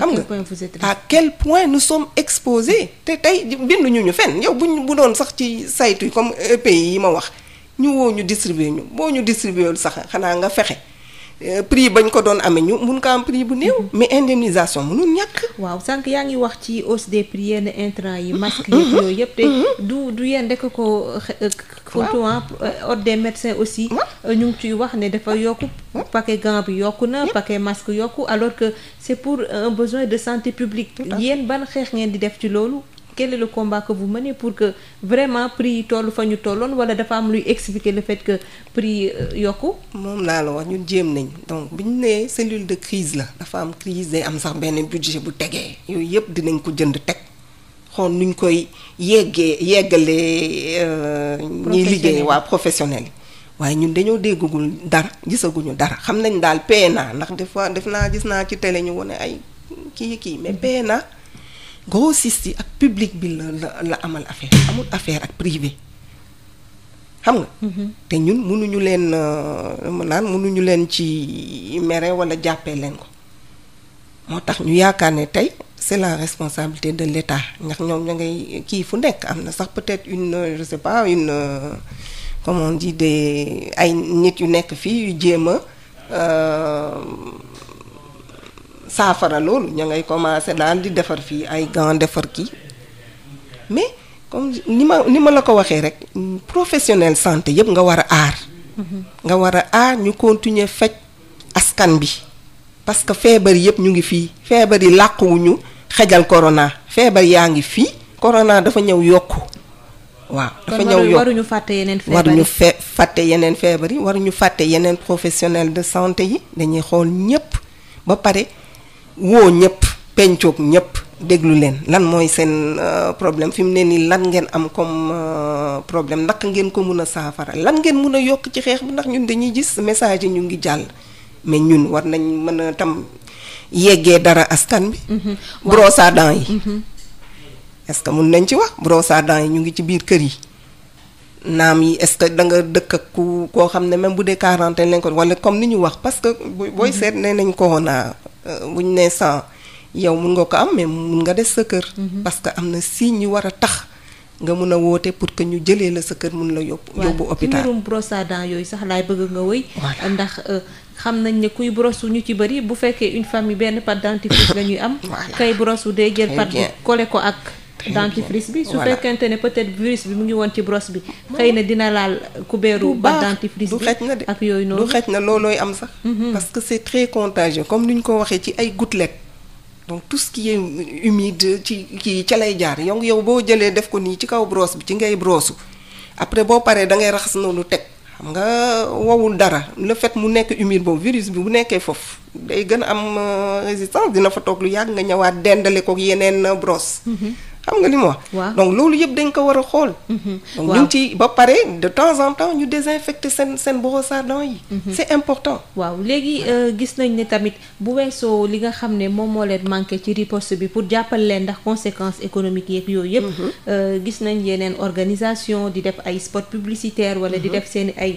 xam nga à quel point nu sommes exposés te tey binduñu ñu fenn yow buñ bu doon sax ci saytu comme euh, pays yi ma wax ñu woo ñu distribuer ñu boo ñu distribuer sax xanaa nga fexe. Euh, prix bañ ko doon amee ñu mun ko am prix bu néew. Mm-hmm. mais indemnisation mënul ñàkk. waaw sànq yaa ngi wax ci hausse des prix yenn intrants yi masques yi mm-hmm. yooyu yëpp te mm-hmm. du du yéen rek ko. surtout euh, euh, ordre de médecins aussi. ñu ngi ciy wax ne dafa yokku paquet gant bi yokku na paquet masque yokku alors que c'est pour un besoin de santé publique. yéen ban xeex ngeen di def ci loolu. quel est le combat que vous menez pour que vraiment prix yi toll fa ñu tolloon wala dafa am luy expliquer le fait que prix euh, yokku moom laa la wax ñun jéem nañ donc bu ñu nee cellule de crise la dafa am crise day am sax benn budget bu tegee yooyu yëpp dinañ ko jënd teg xool nuñ koy yeggee yeggalee euh, ñiy liggéey waa professionnel yi waaye ñun dañoo déggagul dara gisaguñu dara xam nañ daal naa ndax des fois def naa gis naa ci télé ñu wone ay kii kii mais grossiste yi ak public bi la la amal affaire amul affaire ak privé xam nga. Mhm. te ñun mënuñu leen euh, ma naan mënuñu leen ci mere wala jàppee leen ko moo tax ñu yaakaar ne tey c'est la responsabilité de l'État ndax ñoom ñu ngay kii fu nekk am na sax peut-être une je sais pas une euh, comment on dit ay nit yu nekk fii yu jéem a. Euh, saafara loolu ñu ngay commencé daal di defar fii ay gants defar kii mais comme ni ma ni ma la ko waxee rek professionnel santé yëpp nga war a aar. Mm-hmm. nga war a aar ñu continuer faj askan bi parce que feebar yëpp ñu ngi fii feebar yi làquwuñu xejal corona feebar yaa ngi fii corona dafa ñëw yokk waaw dafa ñëw yokku waruñu fàtte yeneen. feebar yi waruñu fàtte yeneen feebar yi war ñu fàtte yeneen professionnel de santé yi dañuy xool ñëpp ba pare. woo ñëpp pencoog ñëpp déglu leen lan mooy seen euh, problème fi mu ne nii lan ngeen am comme euh, problème naka ngeen ko mun a saafara lan ngeen mun a yokk ci xeex bi ndax ñun dañuy gis message yi ñu ngi jàll mais ñun war nañ mën a tam yeggee dara askan bi. Mhm. brosse à yi. Mhm. est-ce que mun nañ ci wax brosse à yi ñu ngi ci biir kër yi. naam yi est-ce que da dëkk ak ku koo xam ne même bu dee quarantaine lañ ko wala comme ni ñu wax parce que. booy mhm. seet nee nañ corona Euh, bu ñu nee cent yow mun nga ko am mais mun nga des sa kër. Mhm. parce que am na signe yu war a tax. nga mun a woote pour que ñu jëlee la sa kër mun la yóbbu. yóbbu hôpital mbirum brosse à dents yooyu sax laay bëgg nga wëy. ndax euh, xam nañ ne kuy brosse ñu ci bëri bu fekkee une famille benn pâte dentifrice *coughs* la ñuy am. kay brosse dee jël pâte kole ko ak. dentifrice bi su fekkente ne peut-être virus bi mu ngi woon ci brosse bi xëy na dina laal kubéeru ba dentifrice bi xej na de ak yooyu noonu du xej na loolooy am sax mhm. parce que c'est très contagieux comme ni ñu ko waxee ci ay gouttelettes donc tout ce qui est humide ci kii ca lay jaar yow yow boo jëlee def ko nii ci kaw brosse bi ci ngay brosse après boo paree da ngay raxas noonu teg xam nga wowul dara le fait mu nekk humide boobu virus bi bu nekkee foofu day gën a am euh, résistance dina fa toog lu yàgg nga ñëwaat dendale ko yeneen euh, brosse mhm. xam nga li ma wax. donc loolu yëpp dañ ko war a xool. Mhm. donc ñu ngi ci ba pare de temps en temps ñu désinfecter seen seen brosse à dents yi. Mhm. c'est important. waaw léegi euh, gis nañ ne tamit bu weesoo li nga xam ne moom moo leen manqué ci riposte bi pour jàppale leen ndax conséquence économiques yeeg yooyu yëpp. Mhm. Euh, gis nañ yeneen organisation di def ay spot publicitaire wala di def seen ay.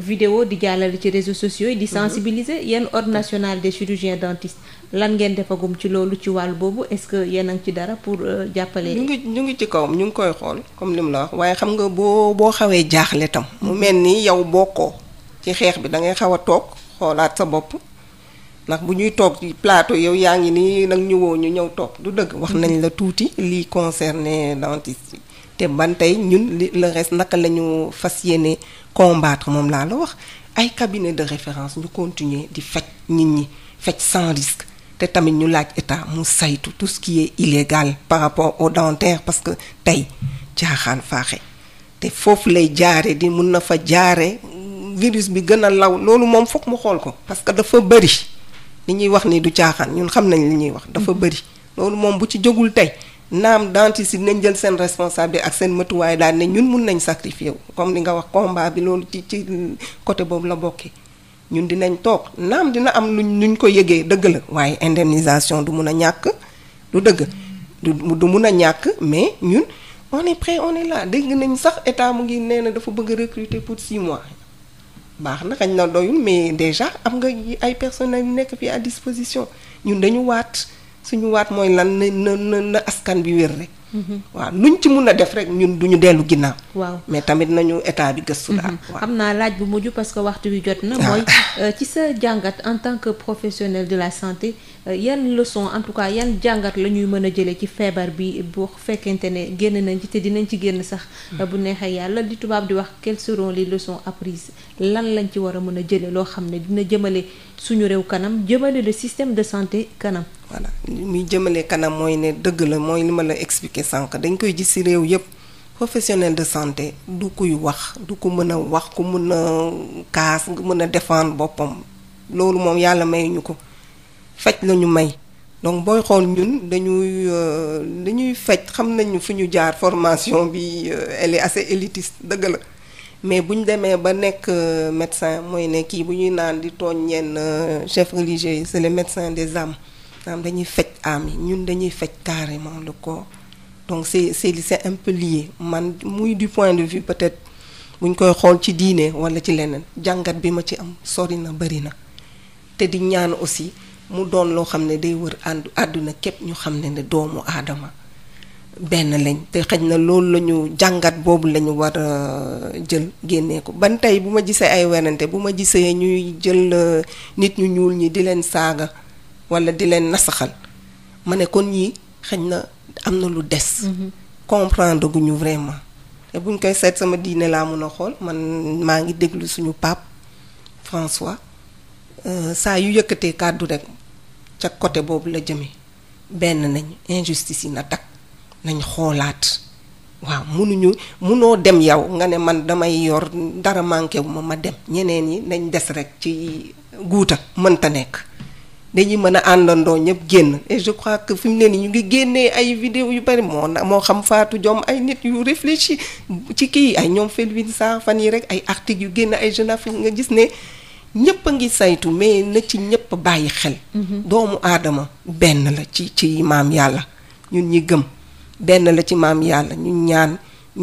vidéo di jàllale ci réseaux sociaux yi di sensibiliser yenn ordinational national des chirurgiens dentistes lan ngeen defagum ci loolu ci wàll boobu est-ce que yéen a ngi ci dara pour euh, jàppale. ñu ñu ngi ci kawam ñu ngi koy xool comme li mu la wax waaye xam nga boo boo xawee jaaxle tam. mu mel nii yow bokkoo ci xeex bi da ngay xaw a toog xoolaat sa bopp ndax bu ñuy toog ci plateau yow yaa ngi nii nag ñëwoo ñu ñëw toog du dëgg. wax nañ la tuuti lii concerné dentiste yi te ban tey ñun li le reste naka lañu fas yéene combatre moom laa la wax ay cabinet de référence ñu continuer di faj nit ñi faj sans risque. te tamit ñu laaj état mu saytu tout ce qui est illégal par rapport aux dentaires parce que tey caaxaan faaxe te foofu lay jaare di mun na fa jaare virus bi gën a law loolu moom foog mu xool ko parce que dafa bëri li ñuy wax ni du caaxaan ñun xam nañ li ñuy wax dafa bëri loolu moom bu ci jógul tey naam dentiste yi nañ jël seen responsabilité ak seen mëtuwaay daal ne ñun mun nañ sacrifier wu comme li nga wax combat bi loolu ci ci côté boobu la bokkee ñun dinañ toog naam dina am luñ luñ ko yëgee dëgg la waaye indemnisation du mun a ñàkk du dëgg du mun a ñàkk mais ñun on est prêt on est là dégg nañ sax état mu ngi nee na dafa bëgg recruter pour 6 mois baax na xañ na doyul mais déjà am nga ay personnels yu nekk fii à disposition ñun dañu waat suñu waat mooy lan na na na askan bi wér rek waaw lu ñu ci mun a def rek ñun ñu dellu ginnaaw. waaw mais tamit nañu état bi gëstu daal. Mhm. xam naa laaj bu mujj parce que waxtu wi jot na. Ah. mooy euh, ci sa jàngat en tant que professionnel de la santé. Euh, yan leçon en tout cas yan jàngat la ñuy mën a jëlee ci feebar bi boo fekkente ne génn nañ ci te dinañ ci génn sax hmm. euh, bu neexee yàlla di tubaab di wax quelles seront les leçons apprises lan lañ ci war a mën a jëlee loo xam ne dina jëmale suñu réew kanam jëmale le système de santé kanam voilà muy jëmale kanam mooy ne dëgg la mooy li ma la expliqué sànq dañ koy gis ci réew yëpp professionnel de santé du kuy wax du ko mën a wax ku mën a kaas mën a défendre boppam loolu moom yàlla mayuñu ko faj la may donc booy xool ñun dañuy li euh, ñuy faj xam nañu fu ñu jaar formation bi euh, elle est assez élitiste dëgg la mais bu ñu demee ba nekk euh, médecin mooy ne kii bu ñuy naan di tooñ ñenn chef religieux yi c'est les médecins des âmes maanaam dañuy faj âme yi ñun dañuy faj carrément le ko donc c'est c'est c'est un peu man muy du point de vue peut-être buñ koy xool ci diine walla ci leneen jàngat bi ma ci am sori na bëri na te di ñaan aussi. mu doon loo xam ne day wër ànd àdduna képp ñu xam ne ne doomu aadama benn lañ te xëj na loolu la ñu jàngat boobu la ñu war a jël génnee ko ban tey bu ma gisee ay werante bu ma gisee ñuy jël euh, nit ñu ñuul ñi di leen saaga walla di leen nasaxal ma ne kon yii xëj na am na lu des. Mm-hmm. comprendre gu ñu vraiment. te buñ koy seet sama diine laa mun a xool man maa ngi déglu suñu pape François euh, saa yu yëkkatee kàddu rek ca côté boobu la jëmee benn nañ injustice yi na takk nañ xoolaat waaw munuñu munoo dem yow nga ne man damay yor dara manqué wu ma ma dem ñeneen yi nañ des rek ci guuta mënta nekk dañu mën a àndandoo ñëpp génn et je crois que fi mu ne nii ñu ngi génnee ay vidéo yu bari moo moo xam faatu jom ay nit yu réfléchi ci kii ay ñoom Felwine sa fan yi rek ay articles yu génn ay jeunes Afrique nga gis ne ñëpp a ngi saytu mais na ci ñëpp bàyyi xel. Mhm. doomu aadama benn la ci ci maam yàlla ñun ñi gëm benn la ci maam yàlla ñun ñaan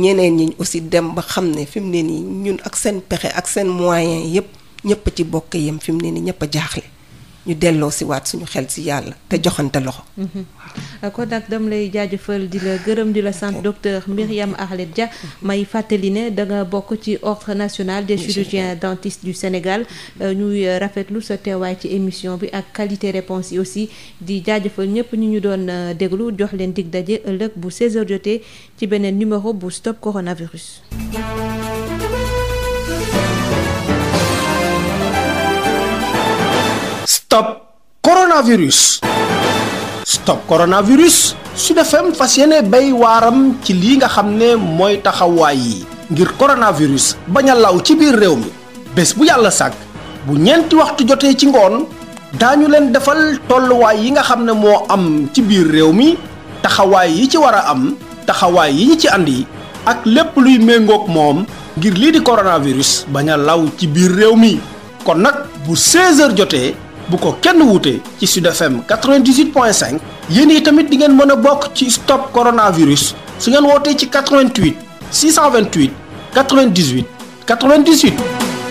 ñeneen ñi aussi dem ba xam ne fi mu ne nii ñun ak seen pexe ak seen moyen yëpp ñëpp ci bokk yem fi mu ne nii ñëpp a jaaxle. ñu delloo si waat suñu xel si yàlla te joxante loxo. Mm-hmm. kon nag dam lay jaajëfal di la gërëm di la sant docteur Myriam Arlette ja mm-hmm. may fàttali ne danga bokk ci ordre national des chirurgiens dentistes du Sénégal euh, ñuy rafetlu sa teewaay ci émission bi ak qualité réponse yi aussi di jaajëfal ñëpp ñu ñu doon euh, déglu jox leen dig daje ëllëg bu 16h jotee ci beneen numéro bu stop coronavirus. stop coronavirus. stop coronavirus Sud FM fas yéene bay waaram ci lii nga xam ne mooy taxawaay yi ngir coronavirus bañ a law ci biir réew mi bés bu yàlla sàkk bu ñeenti waxtu jotee ci ngoon daañu leen defal tolluwaay yi nga xam ne moo am ci biir réew mi taxawaay yi ci war a am taxawaay yi ñu ci indi ak lépp luy méngook moom ngir lii di coronavirus bañ a law ci biir réew mi kon nag bu 16 jotee. bu ko kenn wuutee ci Sud FM 98.5 yéen yi tamit di ngeen mën a bokk ci stop coronavirus su ngeen wootee ci 88 628 98 98.